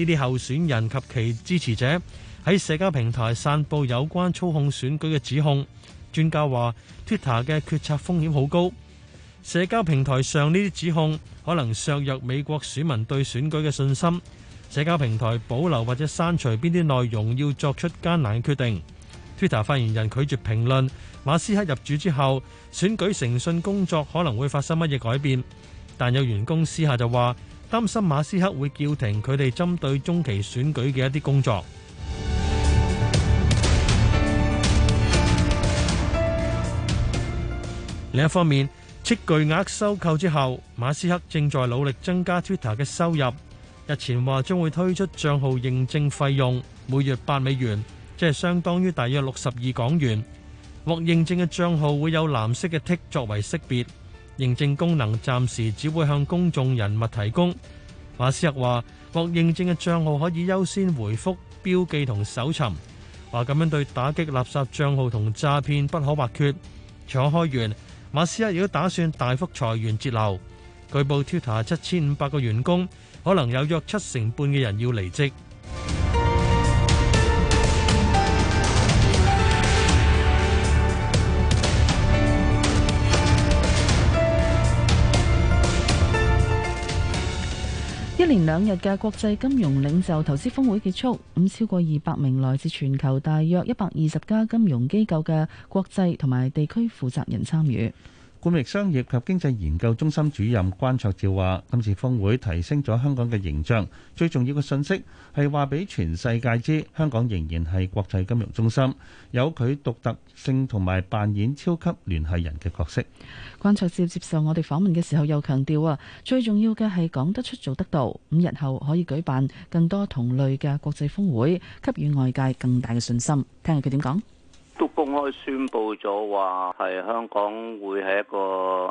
啲候選人及其支持者喺社交平台散佈有關操控選舉嘅指控。專家話，Twitter 嘅決策風險好高。社交平台上呢啲指控可能削弱美國選民對選舉嘅信心。社交平台保留或者刪除邊啲內容要作出艱難決定。Twitter 發言人拒絕評論，馬斯克入主之後選舉誠信工作可能會發生乜嘢改變，但有員工私下就話擔心馬斯克會叫停佢哋針對中期選舉嘅一啲工作。另一方面。斥巨額收購之後，馬斯克正在努力增加 Twitter 嘅收入。日前話將會推出帳號認證費用，每月八美元，即係相當於大約六十二港元。獲認證嘅帳號會有藍色嘅 tick 作為識別。認證功能暫時只會向公眾人物提供。馬斯克話：獲認證嘅帳號可以優先回覆標記同搜尋。話咁樣對打擊垃圾帳號同詐騙不可或缺。除咗開源。馬斯克如果打算大幅裁員節流，據報 Twitter 七千五百個員工可能有約七成半嘅人要離職。1 1年兩日嘅國際金融領袖投資峰會結束，咁超過二百名來自全球大約一百二十家金融機構嘅國際同埋地區負責人參與。冠域商業及經濟研究中心主任關焯照話：今次峰會提升咗香港嘅形象，最重要嘅信息係話俾全世界知，香港仍然係國際金融中心，有佢獨特性同埋扮演超級聯繫人嘅角色。關焯照接受我哋訪問嘅時候又強調啊，最重要嘅係講得出做得到，五日後可以舉辦更多同類嘅國際峰會，給予外界更大嘅信心。聽下佢點講。都公開宣布咗話，係香港會係一個誒、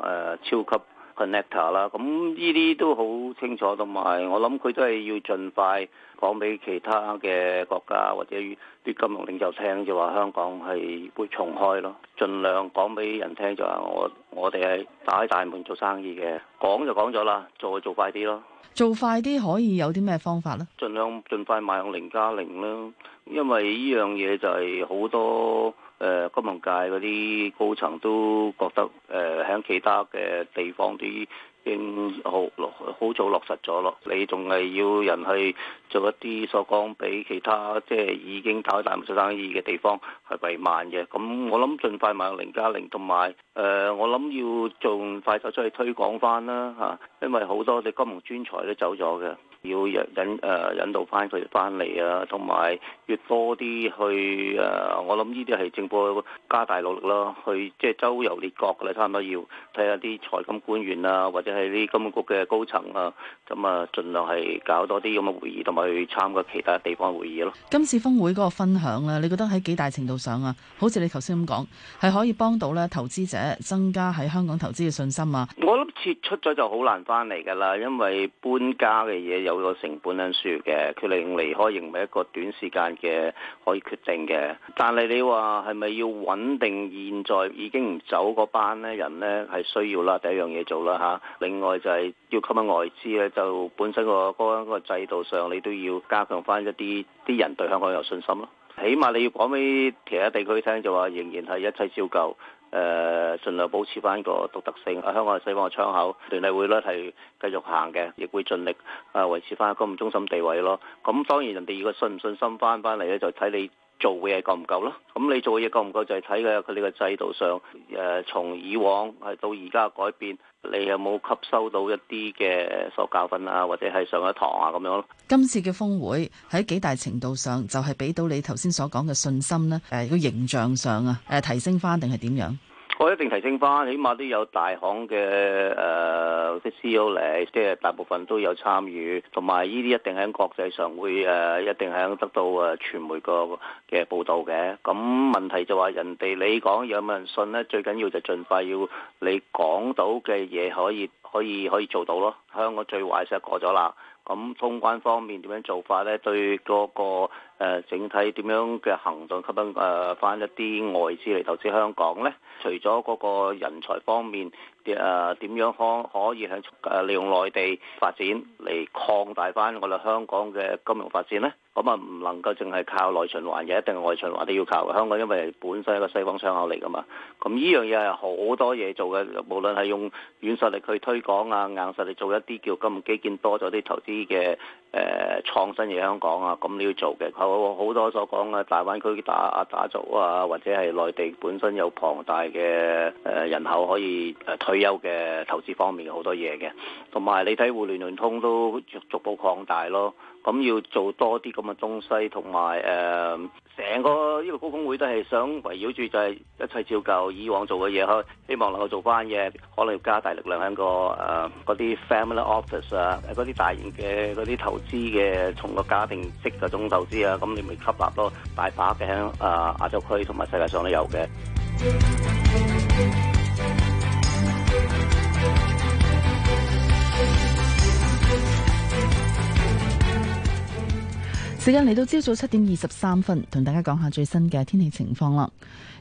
呃、超級 connector 啦，咁依啲都好清楚，同埋的我諗佢都係要盡快。講俾其他嘅國家或者啲金融領袖聽，就話香港係會重開咯。盡量講俾人聽，就話我我哋係打開大門做生意嘅。講就講咗啦，做就做快啲咯。做快啲可以有啲咩方法呢？盡量盡快買響零加零啦，因為呢樣嘢就係好多誒、呃、金融界嗰啲高層都覺得誒喺、呃、其他嘅地方啲。已經落落好早落實咗咯，你仲係要人去做一啲所講，比其他即係已經打開大門做生意嘅地方係為慢嘅。咁我諗盡快買零加零，同埋誒，我諗要盡快走出去推廣翻啦嚇，因為好多啲金融專才都走咗嘅。要引誒引導翻佢哋翻嚟啊，同埋越多啲去誒，我諗呢啲係政府加大努力咯，去即係周遊列國嘅咧，差唔多要睇下啲財金官員啊，或者係啲金管局嘅高層啊，咁啊，盡量係搞多啲咁嘅會議，同埋去參加其他地方嘅會議咯。今次峰會嗰個分享啊，你覺得喺幾大程度上啊？好似你頭先咁講，係可以幫到咧投資者增加喺香港投資嘅信心啊！我諗撤出咗就好難翻嚟㗎啦，因為搬家嘅嘢有～佢個成本奀少嘅，決定離開，認為一個短時間嘅可以決定嘅。但係你話係咪要穩定？現在已經唔走嗰班咧人咧係需要啦，第一樣嘢做啦嚇。另外就係、是、要吸引外資咧，就本身個嗰個制度上，你都要加強翻一啲啲人對香港有信心咯。起碼你要講俾其他地區聽，就話仍然係一切照舊。誒，盡量、呃、保持翻個獨特性。香港係西方嘅窗口，聯繫匯率係繼續行嘅，亦會盡力啊維持翻金融中心地位咯。咁、嗯、當然人哋如果信唔信心翻翻嚟咧，就睇你做嘅嘢夠唔夠咯。咁、嗯、你做嘅嘢夠唔夠就係睇嘅佢哋個制度上誒、呃，從以往係到而家嘅改變。你有冇吸收到一啲嘅所教訓啊，或者係上咗堂啊咁樣咯？今次嘅峰會喺幾大程度上就係、是、俾到你頭先所講嘅信心呢？誒、呃、個形象上啊，誒、呃、提升返定係點樣？我一定提醒翻，起碼都有大行嘅誒，CEO 嚟，即、呃、係、就是、大部分都有參與，同埋呢啲一定喺國際上會誒、呃，一定係得到誒傳媒個嘅報導嘅。咁問題就話人哋你講有冇人信咧？最緊要就盡快要你講到嘅嘢可以可以可以做到咯。香港最壞先過咗啦。咁通關方面點樣做法咧？對、嗰個個。誒，整體點樣嘅行動吸引誒翻一啲外資嚟投資香港呢？除咗嗰個人才方面，啲誒點樣可可以向誒利用內地發展嚟擴大翻我哋香港嘅金融發展呢？咁啊唔能夠淨係靠內循環嘅，一定係外循環都要靠。香港因為本身係一個西方窗口嚟噶嘛，咁呢樣嘢係好多嘢做嘅。無論係用軟實力去推廣啊，硬實力做一啲叫金融基建多咗啲投資嘅誒創新嘅香港啊，咁你要做嘅。好多所講嘅大灣區打打造啊，或者係內地本身有龐大嘅誒、呃、人口可以誒、呃、退休嘅投資方面好多嘢嘅，同埋你睇互聯互通都逐步擴大咯。咁、嗯、要做多啲咁嘅東西，同埋誒成個呢個高峯會都係想圍繞住就係一切照舊以往做嘅嘢，希望能夠做翻嘢，可能要加大力量喺個誒嗰啲 family office 啊，嗰啲大型嘅嗰啲投資嘅從個家庭式嗰種投資啊，咁你咪吸納多大把嘅喺亞洲區同埋世界上都有嘅。時間嚟到朝早七點二十三分，同大家講下最新嘅天氣情況啦。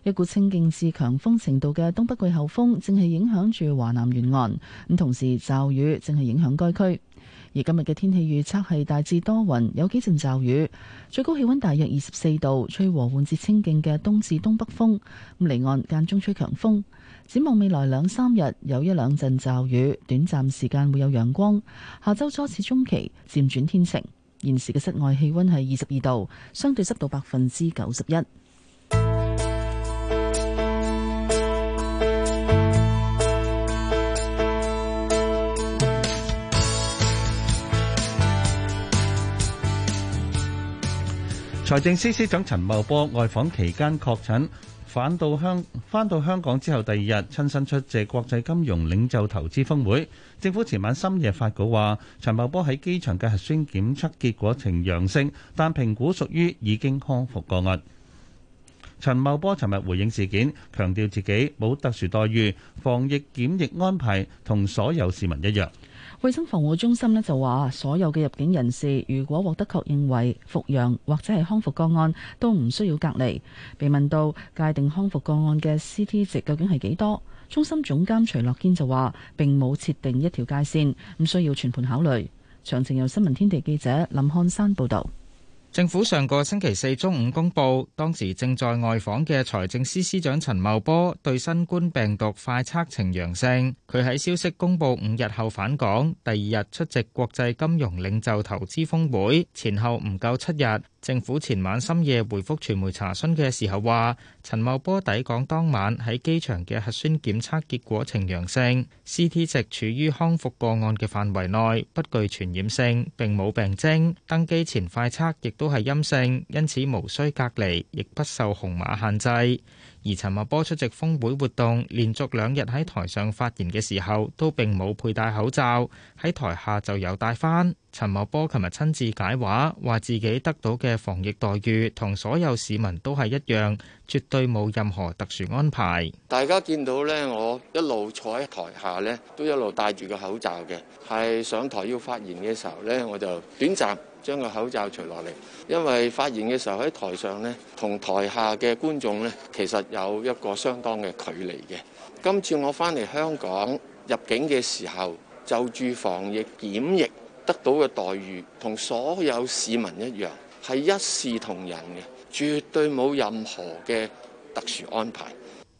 一股清勁至強風程度嘅東北季候風正係影響住華南沿岸，咁同時驟雨正係影響該區。而今日嘅天氣預測係大致多雲，有幾陣驟雨，最高氣溫大約二十四度，吹和緩至清勁嘅東至東北風。咁離岸間中吹強風。展望未來兩三日有一兩陣驟雨，短暫時間會有陽光。下周初至中期漸轉天晴。現時嘅室外氣溫係二十二度，相對濕度百分之九十一。財政司司長陳茂波外訪期間確診，返到香返到香港之後第二日，親身出席國際金融領袖投資峰會。政府前晚深夜發稿話，陳茂波喺機場嘅核酸檢測結果呈陽性，但評估屬於已經康復個案。陳茂波尋日回應事件，強調自己冇特殊待遇，防疫檢疫安排同所有市民一樣。衛生防護中心咧就話，所有嘅入境人士如果獲得確認為復陽或者係康復個案，都唔需要隔離。被問到界定康復個案嘅 CT 值究竟係幾多，中心總監徐樂堅就話，並冇設定一條界線，咁需要全盤考慮。詳情由新聞天地記者林漢山報道。政府上個星期四中午公布，當時正在外訪嘅財政司司長陳茂波對新冠病毒快測呈陽性。佢喺消息公布五日後返港，第二日出席國際金融領袖投資峰會，前後唔夠七日。政府前晚深夜回覆傳媒查詢嘅時候話，陳茂波抵港當晚喺機場嘅核酸檢測結果呈陽性，CT 值處於康復個案嘅範圍內，不具傳染性，並冇病徵，登機前快測亦都係陰性，因此無需隔離，亦不受紅碼限制。而陳茂波出席峰會活動，連續兩日喺台上發言嘅時候，都並冇佩戴口罩；喺台下就有戴返。陳茂波琴日親自解話，話自己得到嘅防疫待遇同所有市民都係一樣，絕對冇任何特殊安排。大家見到咧，我一路坐喺台下咧，都一路戴住個口罩嘅，係上台要發言嘅時候咧，我就短暫，將個口罩除落嚟，因為發言嘅時候喺台上呢，同台下嘅觀眾呢，其實有一個相當嘅距離嘅。今次我翻嚟香港入境嘅時候，就住防疫檢疫得到嘅待遇，同所有市民一樣，係一視同仁嘅，絕對冇任何嘅特殊安排。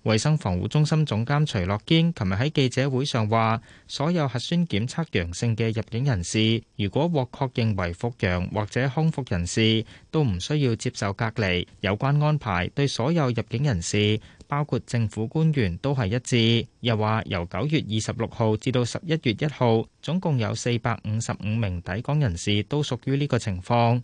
衛生防護中心總監徐樂堅琴日喺記者會上話，所有核酸檢測陽性嘅入境人士，如果獲確認為復陽或者康復人士，都唔需要接受隔離。有關安排對所有入境人士，包括政府官員，都係一致。又話由九月二十六號至到十一月一號，總共有四百五十五名抵港人士都屬於呢個情況。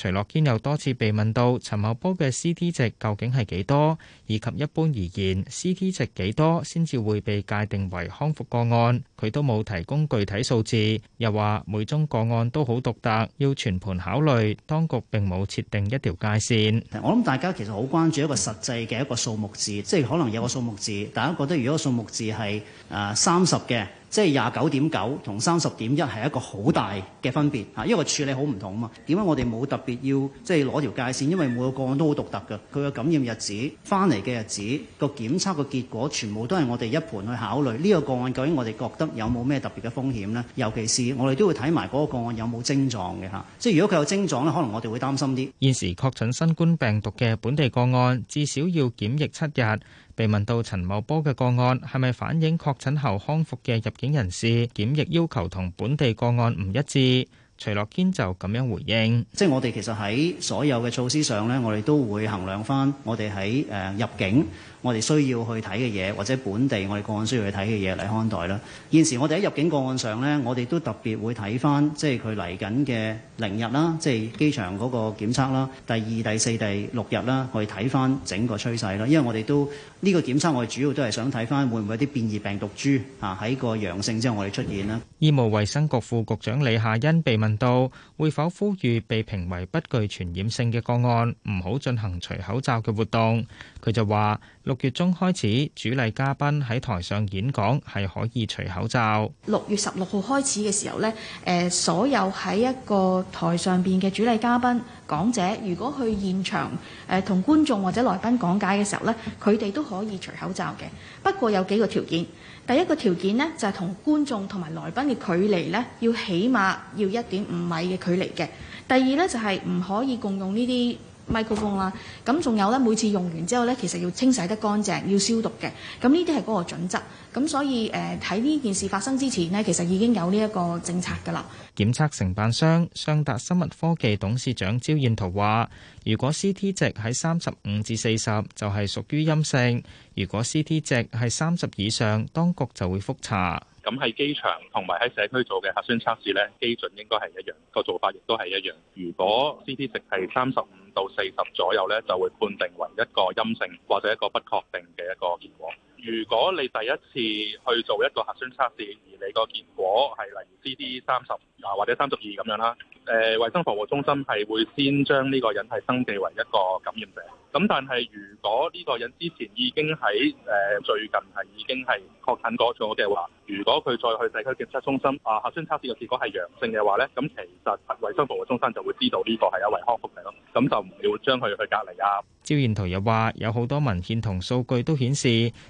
徐樂堅又多次被問到陳茂波嘅 CT 值究竟係幾多，以及一般而言 CT 值幾多先至會被界定為康復個案？佢都冇提供具體數字，又話每宗個案都好獨特，要全盤考慮。當局並冇設定一條界線。我諗大家其實好關注一個實際嘅一個數目字，即係可能有個數目字，大家覺得如果個數目字係誒三十嘅。即係廿九點九同三十點一係一個好大嘅分別嚇，因為處理好唔同啊嘛。點解我哋冇特別要即係攞條界線？因為每個個案都好獨特㗎，佢嘅感染日子、翻嚟嘅日子、個檢測嘅結果，全部都係我哋一盤去考慮呢個個案，究竟我哋覺得有冇咩特別嘅風險呢？尤其是我哋都會睇埋嗰個個案有冇症狀嘅嚇。即係如果佢有症狀咧，可能我哋會擔心啲。現時確診新冠病毒嘅本地個案，至少要檢疫七日。被問到陳茂波嘅個案係咪反映確診後康復嘅入境人士檢疫要求同本地個案唔一致，徐樂堅就咁樣回應：即係我哋其實喺所有嘅措施上呢，我哋都會衡量返我哋喺誒入境我哋需要去睇嘅嘢，或者本地我哋個案需要去睇嘅嘢嚟看待啦。現時我哋喺入境個案上咧，我哋都特別會睇翻，即係佢嚟緊嘅零日啦，即係機場嗰個檢測啦，第二、第四、第六日啦，我哋睇翻整個趨勢啦。因為我哋都呢個檢測，我哋主要都係想睇翻會唔會有啲變異病毒株啊，喺個陽性之後我哋出現啦。醫務衛生局副局長李夏欣被問到，會否呼籲被評為不具傳染性嘅個案唔好進行除口罩嘅活動。佢就話：六月中開始，主禮嘉賓喺台上演講係可以除口罩。六月十六號開始嘅時候呢，誒所有喺一個台上邊嘅主禮嘉賓、講者，如果去現場誒同、呃、觀眾或者來賓講解嘅時候呢，佢哋都可以除口罩嘅。不過有幾個條件，第一個條件呢，就係、是、同觀眾同埋來賓嘅距離呢，要起碼要一點五米嘅距離嘅。第二呢，就係、是、唔可以共用呢啲。麥克風啦，咁仲有咧。每次用完之後咧，其實要清洗得乾淨，要消毒嘅。咁呢啲係嗰個準則。咁所以誒，喺呢件事發生之前呢，其實已經有呢一個政策㗎啦。檢測承辦商雙達生物科技董事長焦燕圖話，如果 CT 值喺三十五至四十，就係屬於陰性，如果 CT 值係三十以上，當局就會覆查。咁喺機場同埋喺社區做嘅核酸測試呢，基準應該係一樣，個做法亦都係一樣。如果 CT 值係三十五到四十左右呢，就會判定為一個陰性或者一個不確定嘅一個結果。如果你第一次去做一個核酸測試，而你個結果係例如 CT 三十啊或者三十二咁樣啦。誒衞、呃、生防護中心係會先將呢個人係登記為一個感染者。咁但係如果呢個人之前已經喺誒、呃、最近係已經係確診過咗，即係話如果佢再去社區檢測中心啊核酸測試嘅結果係陽性嘅話呢，咁其實衞生防護中心就會知道呢個係一位康復者嘅咯，咁就唔會將佢去隔離啊。招彥燾又話：有好多文獻同數據都顯示，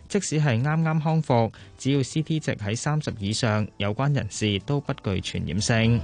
即使係啱啱康復，只要 CT 值喺三十以上，有關人士都不具傳染性。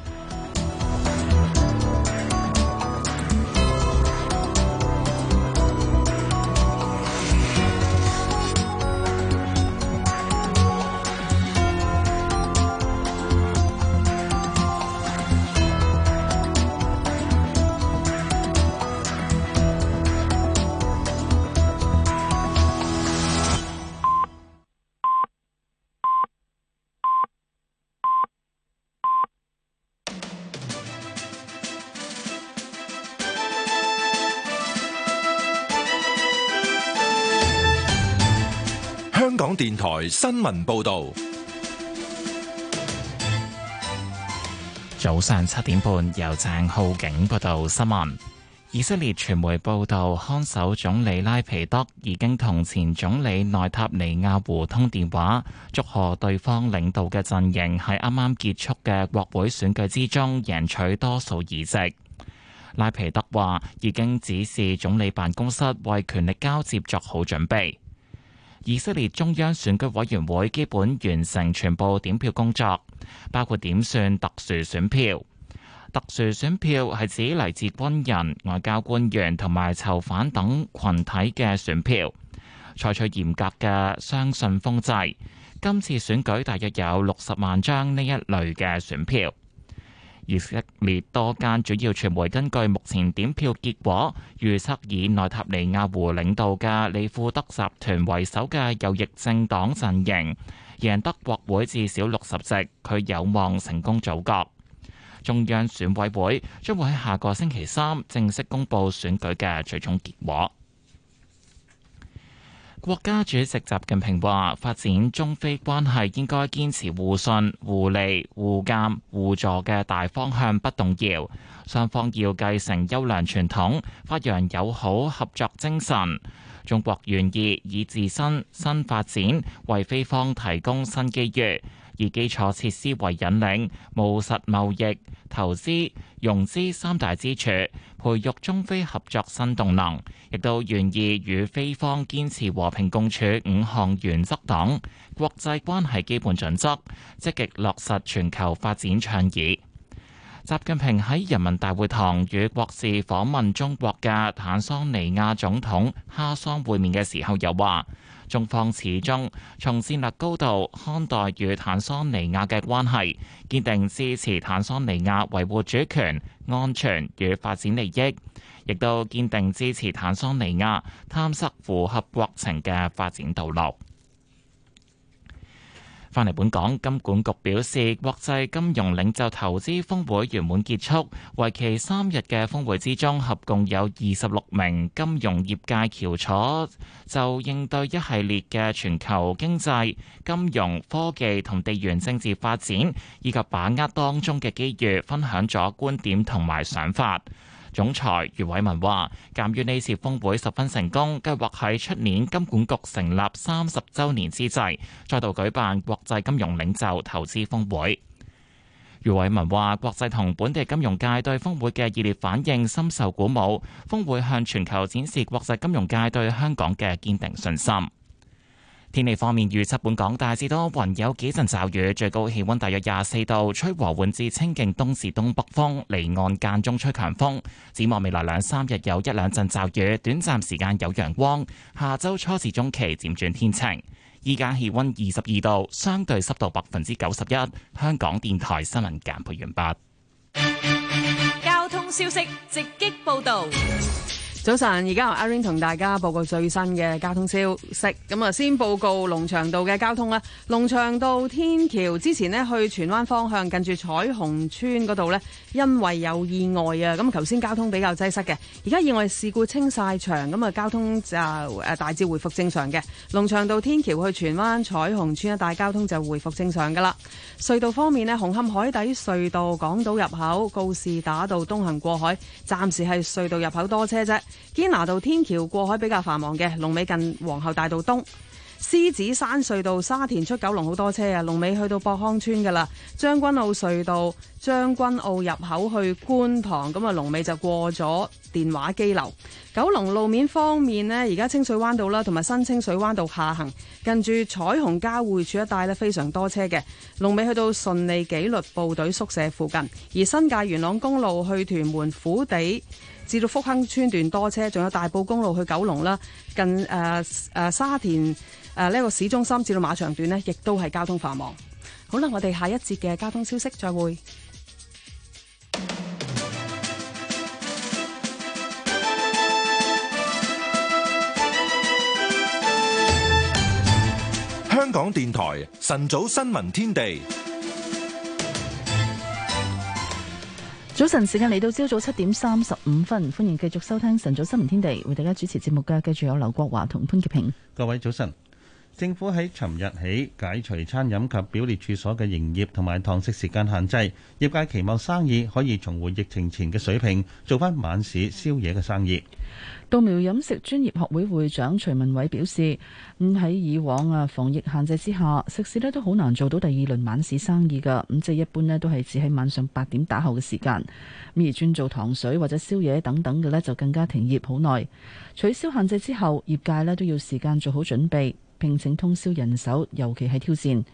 新聞報道，早上七點半由鄭浩景報道新聞。以色列傳媒報道，看守總理拉皮德已經同前總理內塔尼亞胡通電話，祝賀對方領導嘅陣營喺啱啱結束嘅國會選舉之中贏取多數議席。拉皮德話，已經指示總理辦公室為權力交接作好準備。以色列中央選舉委員會基本完成全部點票工作，包括點算特殊選票。特殊選票係指來自軍人、外交官員同埋囚犯等群體嘅選票，採取嚴格嘅雙信封制。今次選舉大約有六十萬張呢一類嘅選票。而一列多間主要傳媒，根據目前點票結果預測以內塔尼亞胡領導嘅利庫德集團為首嘅右翼政黨陣營贏得國會至少六十席，佢有望成功組閣。中央選委會將會喺下個星期三正式公布選舉嘅最終結果。國家主席習近平話，發展中非關係應該堅持互信、互利、互鑒、互助嘅大方向不動搖，雙方要繼承優良傳統，發揚友好合作精神。中國願意以自身新發展為非方提供新機遇，以基礎設施為引領，務實貿易投資，融資三大支柱，培育中非合作新動能，亦都願意與非方堅持和平共處五項原則等國際關係基本準則，積極落實全球發展倡議。習近平喺人民大會堂與國事訪問中國嘅坦桑尼亞總統哈桑會面嘅時候又，又話，中方始終從戰略高度看待與坦桑尼亞嘅關係，堅定支持坦桑尼亞維護主權、安全與發展利益，亦都堅定支持坦桑尼亞探索符合國情嘅發展道路。返嚟本港，金管局表示，國際金融領袖投資峰會完滿結束。為期三日嘅峰會之中，合共有二十六名金融業界翹楚，就應對一系列嘅全球經濟金融科技同地緣政治發展，以及把握當中嘅機遇，分享咗觀點同埋想法。總裁余偉文話，鑒於呢次峰會十分成功，計劃喺出年金管局成立三十周年之際，再度舉辦國際金融領袖投資峰會。余偉文話，國際同本地金融界對峰會嘅熱烈反應，深受鼓舞。峰會向全球展示國際金融界對香港嘅堅定信心。天氣方面預測，本港大致多雲，有幾陣驟雨，最高氣溫大約廿四度，吹和緩至清勁東至東北風，離岸間中吹強風。展望未來兩三日有一兩陣驟雨，短暫時間有陽光。下周初至中期漸轉天晴。依家氣溫二十二度，相對濕度百分之九十一。香港電台新聞簡報完畢。交通消息直擊報道。早晨，而家由 Irene 同大家報告最新嘅交通消息。咁啊，先報告龍翔道嘅交通啦。龍翔道天橋之前呢，去荃灣方向，近住彩虹村嗰度呢，因為有意外啊。咁頭先交通比較擠塞嘅，而家意外事故清晒場，咁啊交通就誒大致回復正常嘅。龍翔道天橋去荃灣彩虹村一帶交通就回復正常噶啦。隧道方面呢，紅磡海底隧道港島入口告士打道東行過海，暫時係隧道入口多車啫。堅拿道天橋過海比較繁忙嘅，龍尾近皇后大道東。獅子山隧道沙田出九龍好多車啊，龍尾去到博康村噶啦。將軍澳隧道將軍澳入口去觀塘，咁啊龍尾就過咗電話機樓。九龍路面方面呢，而家清水灣道啦，同埋新清水灣道下行，近住彩虹交匯處一帶呢，非常多車嘅。龍尾去到順利紀律部隊宿舍附近，而新界元朗公路去屯門虎地。至到福亨村段多車，仲有大埔公路去九龍啦，近誒誒、呃呃、沙田誒呢、呃這個市中心至到馬場段呢，亦都係交通繁忙。好啦，我哋下一節嘅交通消息，再會。香港電台晨早新聞天地。早晨，時間嚟到朝早七點三十五分，歡迎繼續收聽晨早新聞天地，為大家主持節目嘅繼續有劉國華同潘潔平。各位早晨，政府喺尋日起解除餐飲及表列處所嘅營業同埋堂食時間限制，業界期望生意可以重回疫情前嘅水平，做翻晚市宵夜嘅生意。稻苗飲食專業學會會長徐文偉表示：咁、嗯、喺以往啊防疫限制之下，食肆咧都好難做到第二輪晚市生意噶，咁、嗯、即係一般咧都係只喺晚上八點打後嘅時間，而專做糖水或者宵夜等等嘅呢就更加停業好耐。取消限制之後，業界咧都要時間做好準備，聘請通宵人手，尤其係挑戰。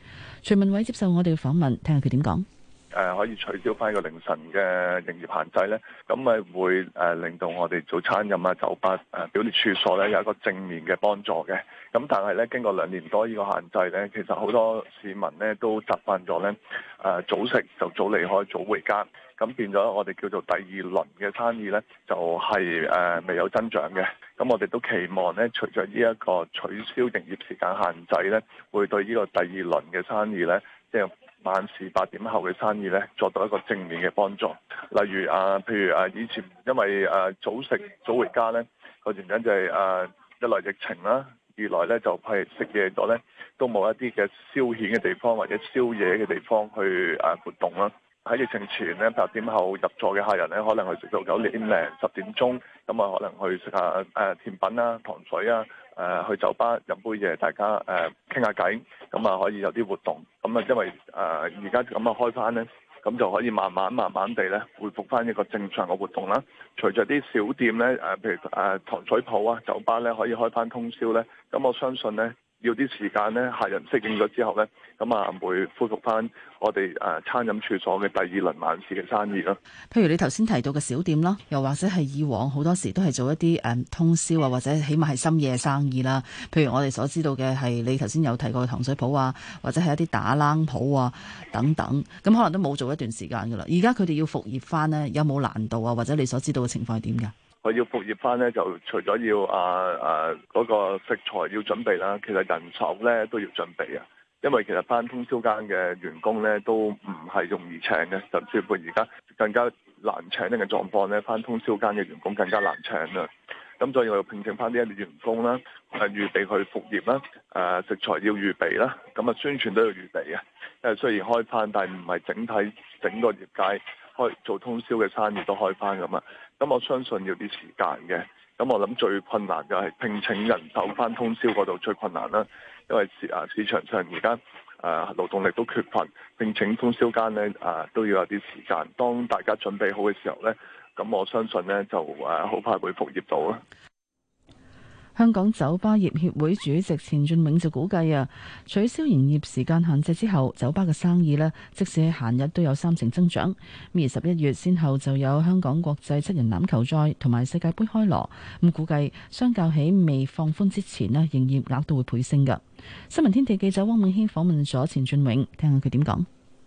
徐文偉接受我哋嘅訪問，聽下佢點講。誒、呃、可以取消翻呢個凌晨嘅營業限制咧，咁咪會誒、呃、令到我哋做餐飲啊、酒吧誒、呃、表列處所咧有一個正面嘅幫助嘅。咁但係咧經過兩年多呢個限制咧，其實好多市民咧都習慣咗咧誒早食就早離開早回家，咁變咗我哋叫做第二輪嘅生意咧就係、是、誒、呃、未有增長嘅。咁我哋都期望咧，隨着呢一個取消營業時間限制咧，會對呢個第二輪嘅生意咧即係，就是晚市八點後嘅生意咧，作到一個正面嘅幫助。例如啊，譬如啊，以前因為誒、啊、早食早回家咧，個原因就係、是、啊，一來疫情啦，二來咧就係食嘢咗咧，都冇一啲嘅消遣嘅地方或者宵夜嘅地方去啊活動啦。喺疫情前咧，八點後入座嘅客人咧，可能去食到九點零十點鐘，咁啊可能去食下誒、呃、甜品啦、糖水啊，誒、呃、去酒吧飲杯嘢，大家誒傾下偈，咁、呃、啊可以有啲活動。咁啊因為誒而家咁啊開翻咧，咁就可以慢慢慢慢地咧，恢復翻一個正常嘅活動啦。隨着啲小店咧，誒、呃、譬如誒、呃、糖水鋪啊、酒吧咧可以開翻通宵咧，咁我相信咧。要啲時間呢，客人適應咗之後呢，咁啊會恢復翻我哋誒餐飲處所嘅第二輪晚市嘅生意咯。譬如你頭先提到嘅小店啦，又或者係以往好多時都係做一啲誒通宵啊，或者起碼係深夜生意啦。譬如我哋所知道嘅係你頭先有提過糖水鋪啊，或者係一啲打冷鋪啊等等。咁可能都冇做一段時間噶啦。而家佢哋要復業翻呢，有冇難度啊？或者你所知道嘅情況係點㗎？我要復業翻咧，就除咗要啊啊嗰個食材要準備啦，其實人手咧都要準備啊。因為其實翻通宵間嘅員工咧都唔係容易請嘅，甚至乎而家更加難請呢個狀況咧，翻通宵間嘅員工更加難請啦。咁所以我要聘請翻呢啲員工啦，係預備去復業啦，誒、啊、食材要預備啦，咁啊宣傳都要預備啊。因為雖然開翻，但係唔係整體整個業界開做通宵嘅生意都開翻咁啊。咁、嗯、我相信要啲時間嘅，咁、嗯、我諗最困難就係聘請人手翻通宵嗰度最困難啦，因為市啊市場上而家啊勞動力都缺乏，聘請通宵間咧啊都要有啲時間。當大家準備好嘅時候咧，咁、嗯、我相信咧就誒好、啊、快會復業到啦。香港酒吧業協會主席錢俊永就估計啊，取消營業時間限制之後，酒吧嘅生意呢，即使喺閒日都有三成增長。而十一月先後就有香港國際七人欖球賽同埋世界杯開鑼，咁估計相較起未放寬之前咧，營業額都會倍升嘅。新聞天地記者汪永軒訪問咗錢俊永，聽下佢點講。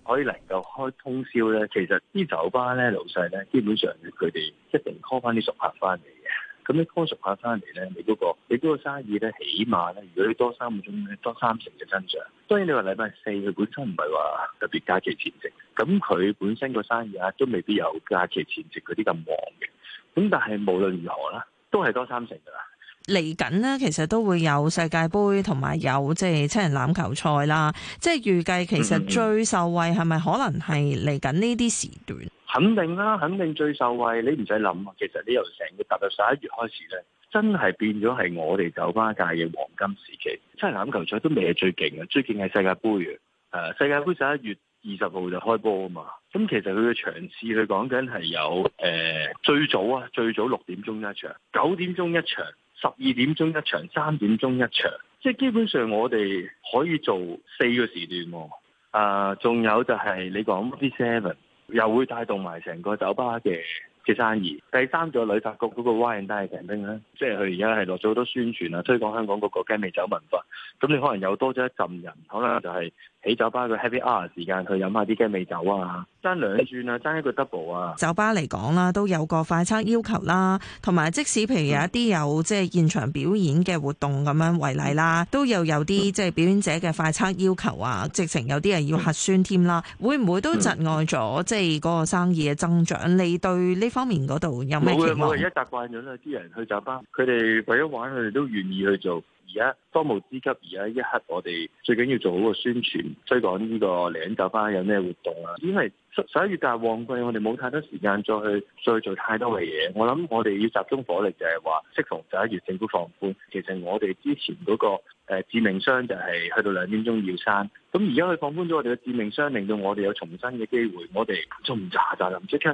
可以能夠開通宵呢？其實啲酒吧呢，老細呢，基本上佢哋一定 call 翻啲熟客翻嚟嘅。咁你收熟下翻嚟咧，你嗰個你嗰個生意咧，起碼咧，如果你多三個鐘，多三成嘅增長。當然你話禮拜四佢本身唔係話特別假期前夕，咁佢本身個生意啊都未必有假期前夕嗰啲咁旺嘅。咁但係無論如何啦，都係多三成㗎啦。嚟緊咧，其實都會有世界盃同埋有即係七人欖球賽啦。即係預計其實最受惠係咪可能係嚟緊呢啲時段？肯定啦、啊，肯定最受惠，你唔使諗。其實你由成個踏入十一月開始咧，真係變咗係我哋酒吧界嘅黃金時期。真係欖球賽都未係最勁嘅，最勁係世界盃啊！誒，世界盃十一月二十號就開波啊嘛。咁、嗯、其實佢嘅場次，佢講緊係有誒，最早啊，最早六點鐘一場，九點鐘一場，十二點鐘一場，三點鐘一場。即係基本上我哋可以做四個時段、啊。誒、啊，仲有就係、是、你講啲 seven。又會帶動埋成個酒吧嘅嘅生意。第三就旅發局嗰個 Wine & Dine 平頂啦，即係佢而家係落咗好多宣傳啊，推廣香港嗰個雞尾酒文化。咁你可能又多咗一浸人，可能就係。喺酒吧嘅 happy hour 時間去飲下啲雞尾酒啊，爭兩轉啊，爭一個 double 啊！酒吧嚟講啦，都有個快測要求啦，同埋即使譬如有一啲有即係現場表演嘅活動咁樣為例啦，都又有啲即係表演者嘅快測要求啊，直情有啲人要核酸添啦，會唔會都窒礙咗即係嗰個生意嘅增長？你對呢方面嗰度有咩期望？冇啊，我而家習慣咗啦，啲人去酒吧，佢哋為咗玩，佢哋都願意去做。而家當務之急，而家一刻我哋最緊要做好個宣傳，推廣呢個領走翻有咩活動啊！因為十一月大旺季，我哋冇太多時間再去再做太多嘅嘢。我諗我哋要集中火力就係話適逢十一月政府放寬。其實我哋之前嗰、那個誒、呃、致命傷就係、是、去到兩點鐘要閂，咁而家佢放寬咗我哋嘅致命傷，令到我哋有重生嘅機會。我哋仲唔咋咋淋立即去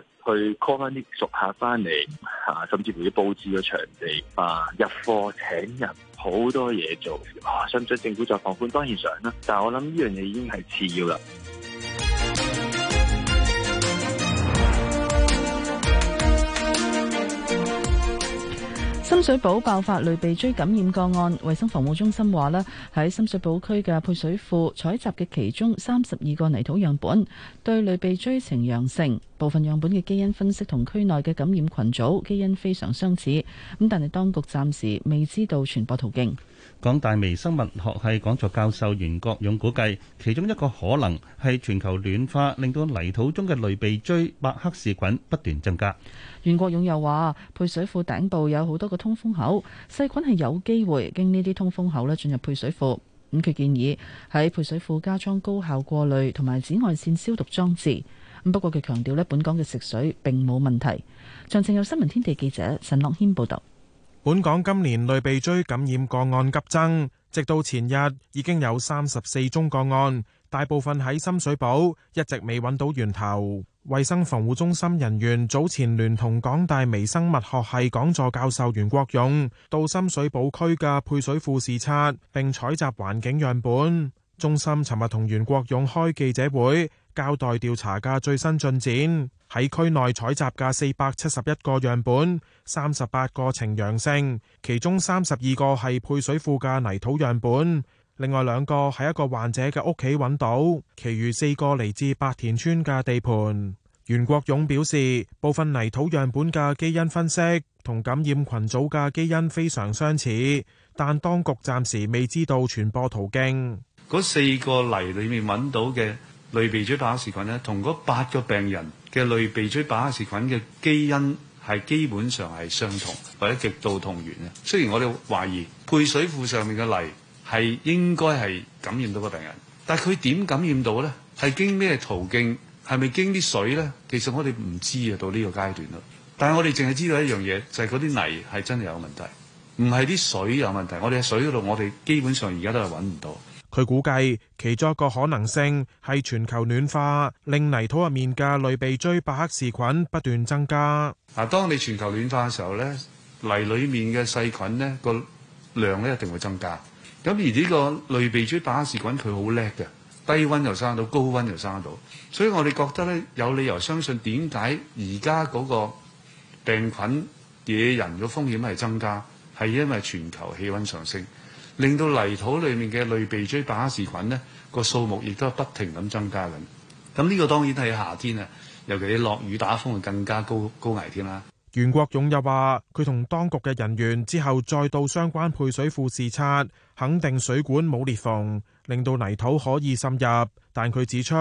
call 翻啲熟客翻嚟啊，甚至乎要布置個場地啊、入貨請人，好多嘢做。啊，想唔想政府再放寬？當然想啦。但係我諗呢樣嘢已經係次要啦。深水埗爆發類鼻疽感染個案，衛生防護中心話咧，喺深水埗區嘅配水庫採集嘅其中三十二個泥土樣本對類鼻疽呈陽性，部分樣本嘅基因分析同區內嘅感染群組基因非常相似，咁但係當局暫時未知道傳播途徑。港大微生物學系講座教授袁國勇估計，其中一個可能係全球暖化令到泥土中嘅類鼻疽伯克氏菌不斷增加。袁國勇又話：配水庫頂部有好多個通風口，細菌係有機會經呢啲通風口咧進入配水庫。咁佢建議喺配水庫加裝高效過濾同埋紫外線消毒裝置。咁不過佢強調咧，本港嘅食水並冇問題。詳情由新聞天地記者陳樂謙報道。本港今年類被追感染個案急增，直到前日已經有三十四宗個案，大部分喺深水埗，一直未揾到源頭。衛生防護中心人員早前聯同港大微生物學系講座教授袁國勇到深水埗區嘅配水庫視察，並採集環境樣本。中心尋日同袁國勇開記者會。交代調查嘅最新進展，喺區內採集嘅四百七十一個樣本，三十八個呈陽性，其中三十二個係配水庫嘅泥土樣本，另外兩個喺一個患者嘅屋企揾到，其餘四個嚟自白田村嘅地盤。袁國勇表示，部分泥土樣本嘅基因分析同感染群組嘅基因非常相似，但當局暫時未知道傳播途徑。嗰四個泥裏面揾到嘅。類鼻疽伯克氏菌咧，同嗰八個病人嘅類鼻疽伯克氏菌嘅基因係基本上係相同或者極度同源啊。雖然我哋懷疑配水庫上面嘅泥係應該係感染到個病人，但係佢點感染到咧？係經咩途徑？係咪經啲水咧？其實我哋唔知啊，到呢個階段咯。但係我哋淨係知道一樣嘢，就係嗰啲泥係真係有問題，唔係啲水有問題。我哋喺水嗰度，我哋基本上而家都係揾唔到。佢估計其中一個可能性係全球暖化令泥土入面嘅類鼻疽伯克氏菌不斷增加。嗱，當你全球暖化嘅時候咧，泥裡面嘅細菌呢個量咧一定會增加。咁而呢個類鼻疽伯克氏菌佢好叻嘅，低溫又生得到，高溫又生得到。所以我哋覺得咧有理由相信點解而家嗰個病菌惹人嘅風險係增加，係因為全球氣溫上升。令到泥土裏面嘅類鼻疽伯克氏菌呢個數目亦都不停咁增加緊。咁、這、呢個當然係夏天啊，尤其你落雨打風，更加高高危添啦。袁國勇又話：佢同當局嘅人員之後再到相關配水庫視察，肯定水管冇裂縫，令到泥土可以滲入。但佢指出，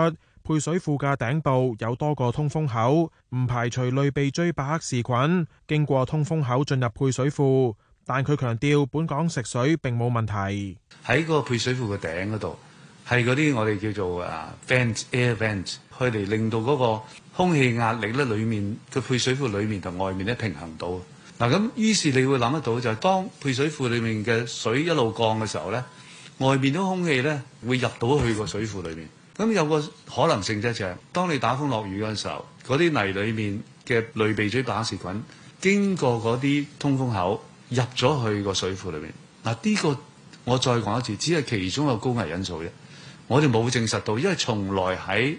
配水庫嘅頂部有多個通風口，唔排除類鼻疽伯克氏菌經過通風口進入配水庫。但佢強調，本港食水並冇問題。喺個配水庫嘅頂嗰度係嗰啲我哋叫做誒 vent air vent，佢哋令到嗰個空氣壓力咧，裏面個配水庫裏面同外面咧平衡到嗱。咁於是你會諗得到就係、是、當配水庫裏面嘅水一路降嘅時候咧，外面啲空氣咧會入到去個水庫裏面。咁有個可能性啫、就是，就係當你打風落雨嗰陣時候，嗰啲泥裏面嘅類鼻疽伯克氏菌經過嗰啲通風口，入咗去個水庫裏邊嗱，呢個我再講一次，只係其中一個高危因素啫。我哋冇證實到，因為從來喺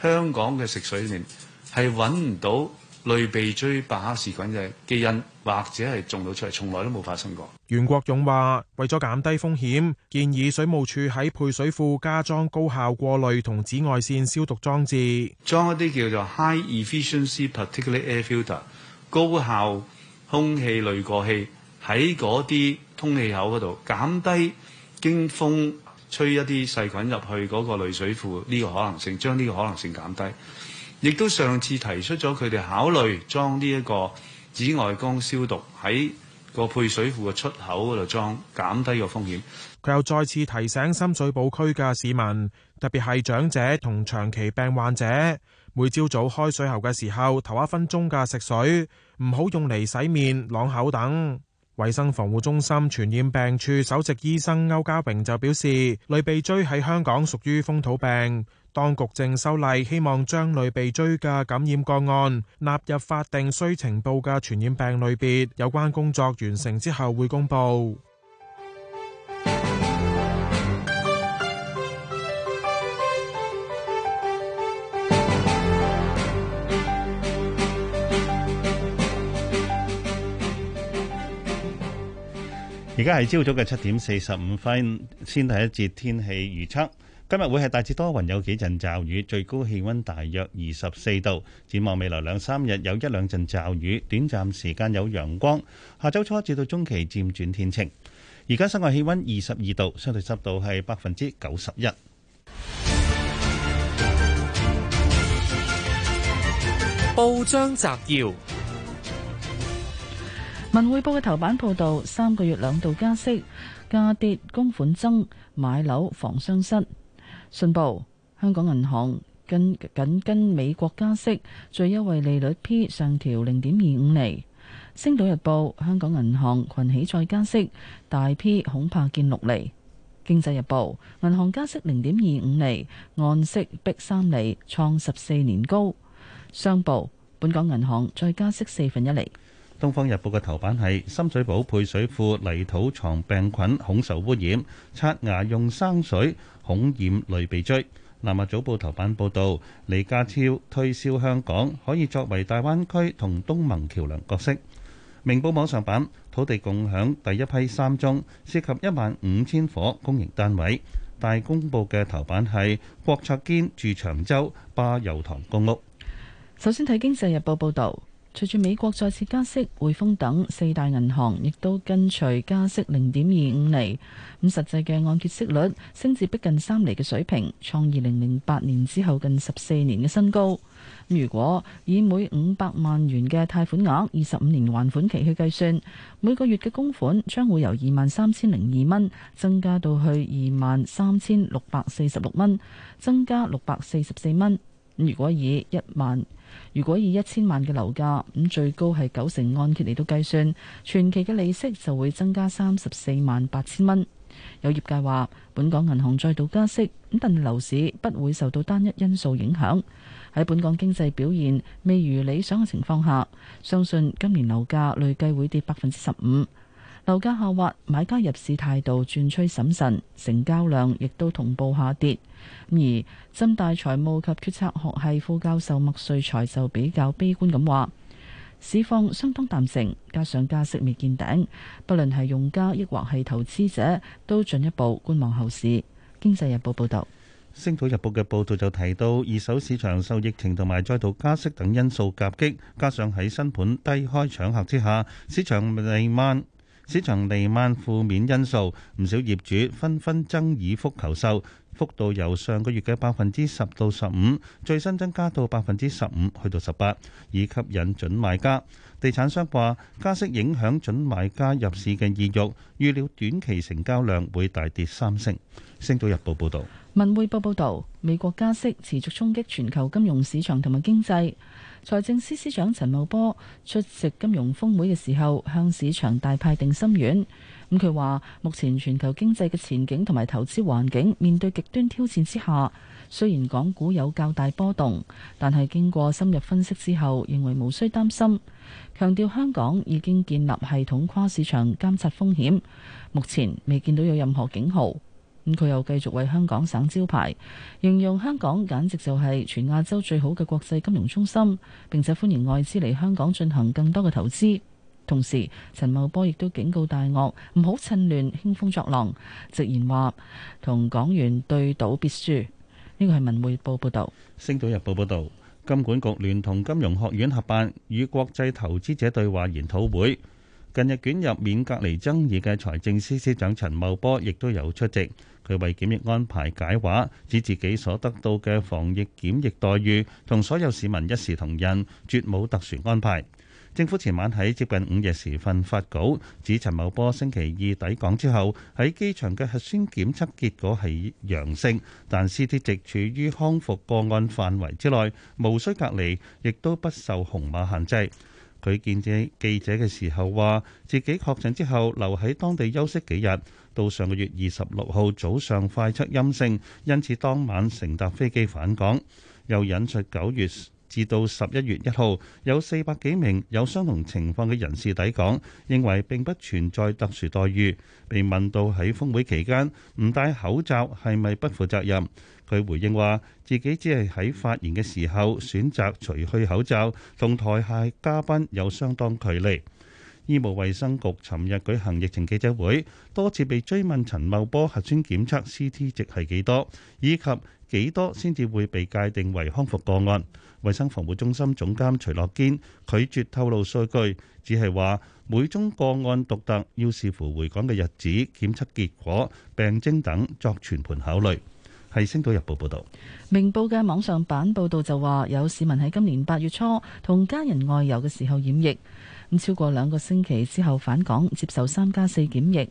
香港嘅食水裏面係揾唔到類鼻疽伯克氏菌嘅基因，或者係種到出嚟，從來都冇發生過。袁國勇話：為咗減低風險，建議水務處喺配水庫加裝高效過濾同紫外線消毒裝置，裝一啲叫做 high efficiency particulate air filter 高效空氣濾過器。喺嗰啲通氣口嗰度減低驚風吹一啲細菌入去嗰個濾水庫呢個可能性，將呢個可能性減低。亦都上次提出咗，佢哋考慮裝呢一個紫外光消毒喺個配水庫嘅出口嗰度裝，減低個風險。佢又再次提醒深水埗區嘅市民，特別係長者同長期病患者，每朝早開水喉嘅時候，頭一分鐘嘅食水，唔好用嚟洗面、朗口等。衛生防護中心傳染病處首席醫生歐家榮就表示，類鼻疽喺香港屬於風土病，當局正修例，希望將類鼻疽嘅感染個案納入法定需呈報嘅傳染病類別，有關工作完成之後會公佈。而家係朝早嘅七點四十五分，先睇一節天氣預測。今日會係大致多雲，有幾陣驟雨，最高氣溫大約二十四度。展望未來兩三日有一兩陣驟雨，短暫時間有陽光。下周初至到中期漸轉天晴。而家室外氣溫二十二度，相對濕度係百分之九十一。報章摘要。文匯報嘅頭版報道：三個月兩度加息，價跌供款增，買樓防傷失。信報：香港銀行跟緊跟，跟美國加息，最優惠利率 P 上調零點二五厘。星島日報：香港銀行群起再加息，大 P 恐怕見六厘。經濟日報：銀行加息零點二五厘，按息逼三厘，創十四年高。商報：本港銀行再加息四分一厘。《東方日報》嘅頭版係深水埗配水庫泥土藏病菌，恐受污染；刷牙用生水，恐染類鼻疽。《南華早報》頭版報導，李家超推銷香港，可以作為大灣區同東盟橋梁角色。《明報網上版》土地共享第一批三宗，涉及一萬五千伙公營單位。《大公報》嘅頭版係郭卓堅住長洲巴油塘公屋。首先睇《經濟日報》報導。隨住美國再次加息，匯豐等四大銀行亦都跟隨加息零點二五厘，咁實際嘅按揭息率升至逼近三厘嘅水平，創二零零八年之後近十四年嘅新高。如果以每五百萬元嘅貸款額、二十五年還款期去計算，每個月嘅供款將會由二萬三千零二蚊增加到去二萬三千六百四十六蚊，增加六百四十四蚊。如果以一萬，如果以一千萬嘅樓價，咁最高係九成按揭嚟到計算，全期嘅利息就會增加三十四萬八千蚊。有業界話，本港銀行再度加息，咁但樓市不會受到單一因素影響。喺本港經濟表現未如理想嘅情況下，相信今年樓價累計會跌百分之十五。樓價下滑，買家入市態度轉趨審慎，成交量亦都同步下跌。而浸大財務及決策學系副教授麥瑞才就比較悲觀咁話：市況相當淡靜，加上加息未見頂，不論係用家抑或係投資者，都進一步觀望後市。《經濟日報》報導，《星島日報》嘅報導就提到，二手市場受疫情同埋再度加息等因素夾擊，加上喺新盤低開搶客之下，市場瀰漫。市場瀰漫負面因素，唔少業主紛紛增議幅求售，幅度由上個月嘅百分之十到十五，最新增加到百分之十五去到十八，以吸引準買家。地產商話，加息影響準買家入市嘅意欲，預料短期成交量會大跌三成。星島日報報導。文匯報報導，美國加息持續衝擊全球金融市場同埋經濟。財政司司長陳茂波出席金融峰會嘅時候，向市場大派定心丸。咁佢話目前全球經濟嘅前景同埋投資環境面對極端挑戰之下，雖然港股有較大波動，但係經過深入分析之後，認為無需擔心。強調香港已經建立系統跨市場監察風險，目前未見到有任何警號。咁佢又繼續為香港省招牌，形容香港簡直就係全亞洲最好嘅國際金融中心，並且歡迎外資嚟香港進行更多嘅投資。同時，陳茂波亦都警告大鱷唔好趁亂興風作浪，直言話同港元對賭必輸。呢個係文匯報報導，《星島日報》報導，金管局聯同金融學院合辦與國際投資者對話研討會，近日捲入免隔離爭議嘅財政司司長陳茂波亦都有出席。佢為檢疫安排解話，指自己所得到嘅防疫檢疫待遇同所有市民一視同仁，絕冇特殊安排。政府前晚喺接近午夜時分發稿，指陳茂波星期二抵港之後喺機場嘅核酸檢測結果係陽性，但 Ct 值處於康復個案範圍之內，無需隔離，亦都不受紅碼限制。佢見者記者嘅時候話，自己確診之後留喺當地休息幾日，到上個月二十六號早上快測陰性，因此當晚乘搭飛機返港。又引述九月至到十一月一號有四百幾名有相同情況嘅人士抵港，認為並不存在特殊待遇。被問到喺峰會期間唔戴口罩係咪不負責任？佢回應話自己只係喺發言嘅時候選擇除去口罩，同台下嘉賓有相當距離。醫務衛生局尋日舉行疫情記者會，多次被追問陳茂波核酸檢測 CT 值係幾多，以及幾多先至會被界定為康復個案。衛生防護中心總監徐樂堅拒絕透露數據，只係話每宗個案獨特，要視乎回港嘅日子、檢測結果、病徵等作全盤考慮。係《星島日報》報道，明報嘅網上版報道就話，有市民喺今年八月初同家人外遊嘅時候染疫，咁超過兩個星期之後返港接受三加四檢疫，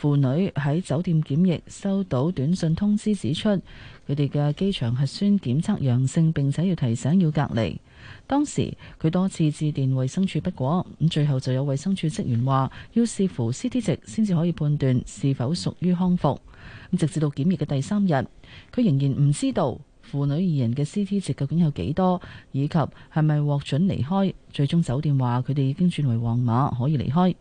婦女喺酒店檢疫收到短信通知，指出佢哋嘅機場核酸檢測陽性，並且要提醒要隔離。當時佢多次致電衛生署不果，咁最後就有衛生署職員話要視乎 CT 值先至可以判斷是否屬於康復。咁直至到檢疫嘅第三日，佢仍然唔知道父女二人嘅 CT 值究竟有幾多，以及係咪獲准離開。最終酒店話佢哋已經轉為黃碼，可以離開。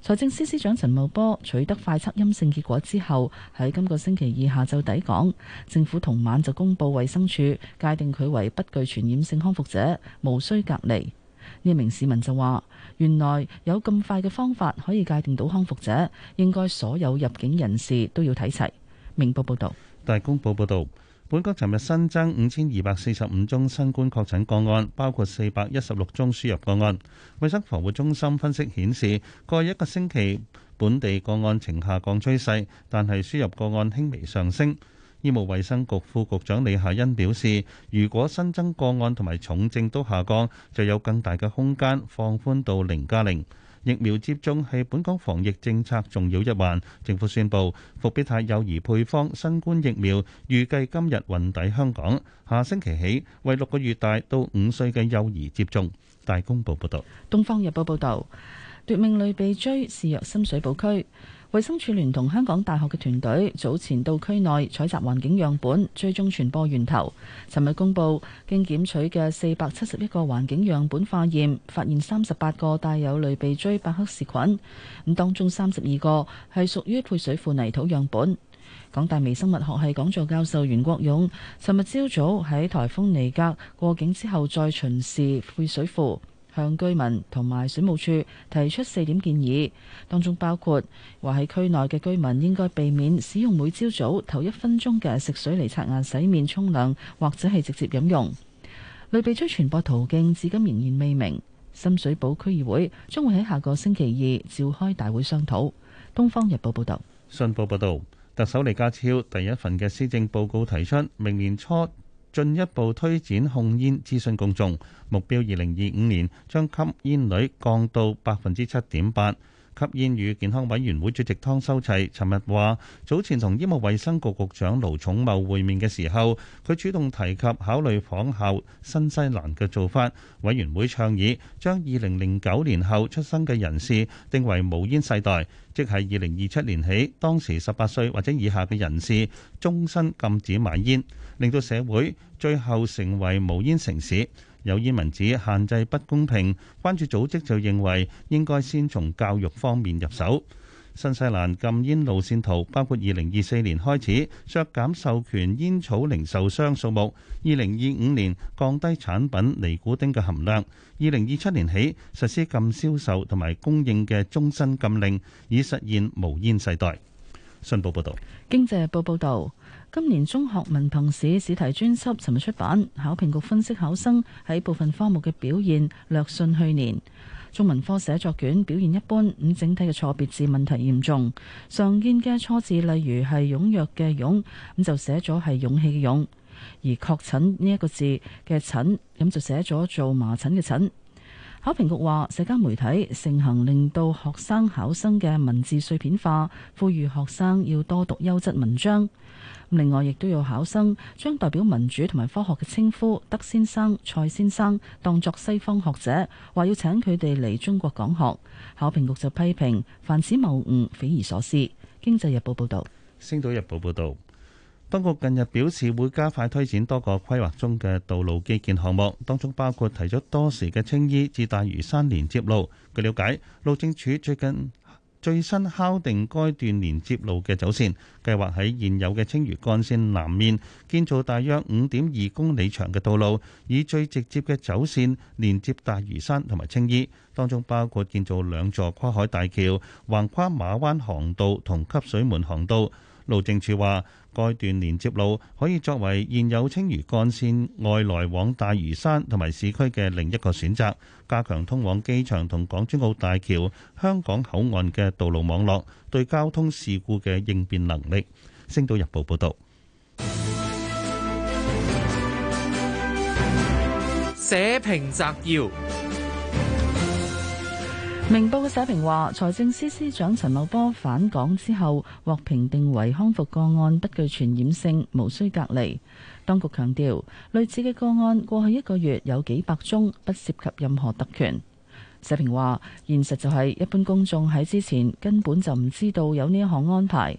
財政司司長陳茂波取得快測陰性結果之後，喺今個星期二下晝抵港，政府同晚就公布衛生署界定佢為不具傳染性康復者，無需隔離。呢名市民就話：原來有咁快嘅方法可以界定到康復者，應該所有入境人士都要睇齊。明報報道，大公報報道。本港尋日新增五千二百四十五宗新冠確診個案，包括四百一十六宗輸入個案。衛生防護中心分析顯示，過去一個星期本地個案呈下降趨勢，但係輸入個案輕微上升。醫務衛生局副局長李夏欣表示，如果新增個案同埋重症都下降，就有更大嘅空間放寬到零加零。疫苗接種係本港防疫政策重要一環。政府宣布，復必泰幼兒配方新冠疫苗預計今日運抵香港，下星期起為六個月大到五歲嘅幼兒接種。大公報報道，《東方日報》報道，奪命類被追，視入深水埗區。衛生署聯同香港大學嘅團隊早前到區內採集環境樣本，追蹤傳播源頭。尋日公布，經檢取嘅四百七十一個環境樣本化驗，發現三十八個帶有類鼻疽伯克氏菌，咁當中三十二個係屬於配水庫泥土樣本。港大微生物學系講座教授袁國勇尋日朝早喺台風尼格過境之後，再巡視配水庫。向居民同埋水務署提出四點建議，當中包括話喺區內嘅居民應該避免使用每朝早頭一分鐘嘅食水嚟刷牙、洗面、沖涼或者係直接飲用。類鼻疽傳播途徑至今仍然未明，深水埗區議會將會喺下個星期二召開大會商討。東方日報報道，信報報道，特首李家超第一份嘅施政報告提出，明年初。進一步推展控煙諮詢公眾，目標二零二五年將吸煙率降到百分之七點八。吸煙與健康委員會主席湯修齊，尋日話：早前同醫務衛生局局長盧寵茂會面嘅時候，佢主動提及考慮仿效新西蘭嘅做法，委員會倡議將二零零九年後出生嘅人士定為無煙世代，即係二零二七年起，當時十八歲或者以下嘅人士終身禁止買煙，令到社會最後成為無煙城市。有煙民指限制不公平，關注組織就認為應該先從教育方面入手。新西蘭禁煙路線圖包括二零二四年開始削減授權煙草零售商數目，二零二五年降低產品尼古丁嘅含量，二零二七年起實施禁銷售同埋供應嘅終身禁令，以實現無煙世代。信報報導，經濟報報導。今年中學文憑試試題專輯尋日出版，考評局分析考生喺部分科目嘅表現略遜去年。中文科寫作卷表現一般，咁整體嘅錯別字問題嚴重，常見嘅錯字例如係踴躍嘅勇，咁就寫咗係勇氣嘅勇；而確診呢一個字嘅診，咁就寫咗做麻疹嘅診。考評局話，社交媒體盛行令到學生考生嘅文字碎片化，呼籲學生要多讀優質文章。另外，亦都有考生將代表民主同埋科學嘅稱呼，德先生、賽先生，當作西方學者，話要請佢哋嚟中國講學。考評局就批評，凡此謬誤，匪夷所思。經濟日報報導，星島日報報道，當局近日表示會加快推展多個規劃中嘅道路基建項目，當中包括提咗多時嘅青衣至大嶼山連接路。據了解，路政署最近最新敲定該段連接路嘅走線，計劃喺現有嘅青嶼幹線南面建造大約五點二公里長嘅道路，以最直接嘅走線連接大嶼山同埋青衣，當中包括建造兩座跨海大橋，橫跨馬灣航道同汲水門航道。路政署話，該段連接路可以作為現有青嶼幹線外來往大嶼山同埋市區嘅另一個選擇，加強通往機場同港珠澳大橋、香港口岸嘅道路網絡對交通事故嘅應變能力。星島日報報導。社評摘要。明報嘅社評話，財政司司長陳茂波返港之後獲評定為康復個案，不具傳染性，無需隔離。當局強調，類似嘅個案過去一個月有幾百宗，不涉及任何特權。社評話，現實就係一般公眾喺之前根本就唔知道有呢一項安排，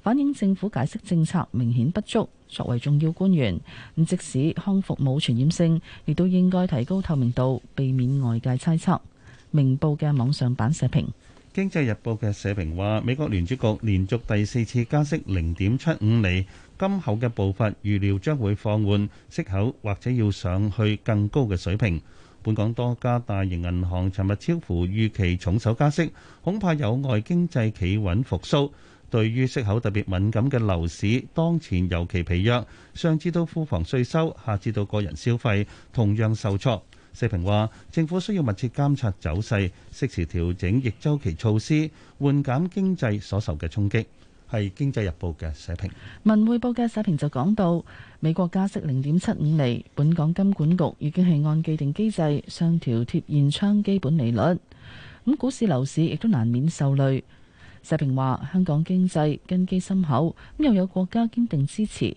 反映政府解釋政策明顯不足。作為重要官員，咁即使康復冇傳染性，亦都應該提高透明度，避免外界猜測。明報嘅網上版社評，經濟日報嘅社評話，美國聯儲局連續第四次加息零點七五厘，今後嘅步伐預料將會放緩息口，或者要上去更高嘅水平。本港多家大型銀行尋日超乎預期重手加息，恐怕有礙經濟企穩復甦。對於息口特別敏感嘅樓市，當前尤其疲弱，上至到庫房稅收，下至到個人消費，同樣受挫。社評話，政府需要密切監察走勢，適時調整逆周期措施，緩減經濟所受嘅衝擊。係《經濟日報》嘅社評。文匯報嘅社評就講到，美國加息零點七五厘，本港金管局已經係按既定機制上調貼現窗基本利率。咁股市樓市亦都難免受累。社評話，香港經濟根基深厚，咁又有國家堅定支持。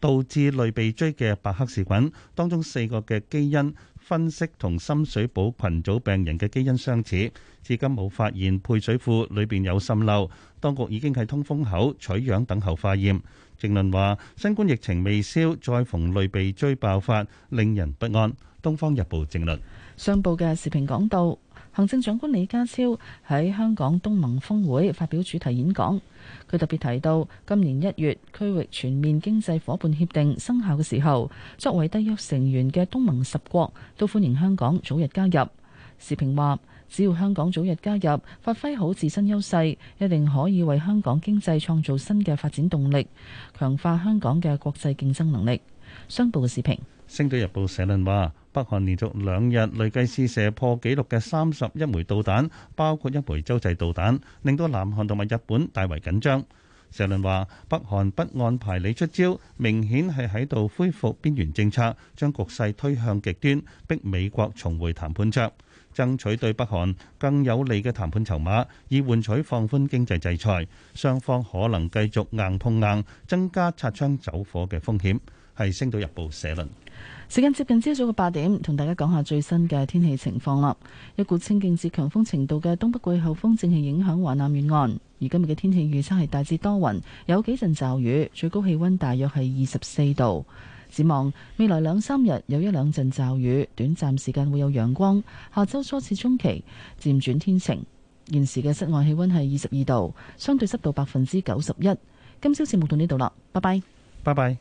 導致類鼻疽嘅伯克氏菌，當中四個嘅基因分析同深水埗群組病人嘅基因相似，至今冇發現配水庫裏邊有滲漏，當局已經喺通風口取樣等候化驗。正論話：新冠疫情未消，再逢類鼻疽爆發，令人不安。《東方日報》正論。上報嘅時評講到。行政長官李家超喺香港東盟峰會發表主題演講，佢特別提到今年一月區域全面經濟伙伴協定生效嘅時候，作為締約成員嘅東盟十國都歡迎香港早日加入。時評話，只要香港早日加入，發揮好自身優勢，一定可以為香港經濟創造新嘅發展動力，強化香港嘅國際競爭能力。商報時評。《星島日報》社論話。北韓連續兩日累計試射破紀錄嘅三十一枚導彈，包括一枚洲際導彈，令到南韓同埋日本大為緊張。社論話：北韓不按牌理出招，明顯係喺度恢復邊緣政策，將局勢推向極端，逼美國重回談判桌，爭取對北韓更有利嘅談判籌碼，以換取放寬經濟制裁。雙方可能繼續硬碰硬，增加擦槍走火嘅風險。係《星島日報》社論。時間接近朝早嘅八點，同大家講下最新嘅天氣情況啦。一股清勁至強風程度嘅東北季候風正係影響華南沿岸，而今日嘅天氣預測係大致多雲，有幾陣驟雨，最高氣溫大約係二十四度。展望未來兩三日有一兩陣驟雨，短暫時間會有陽光。下週初至中期漸轉天晴。現時嘅室外氣溫係二十二度，相對濕度百分之九十一。今朝節目到呢度啦，拜拜，拜拜。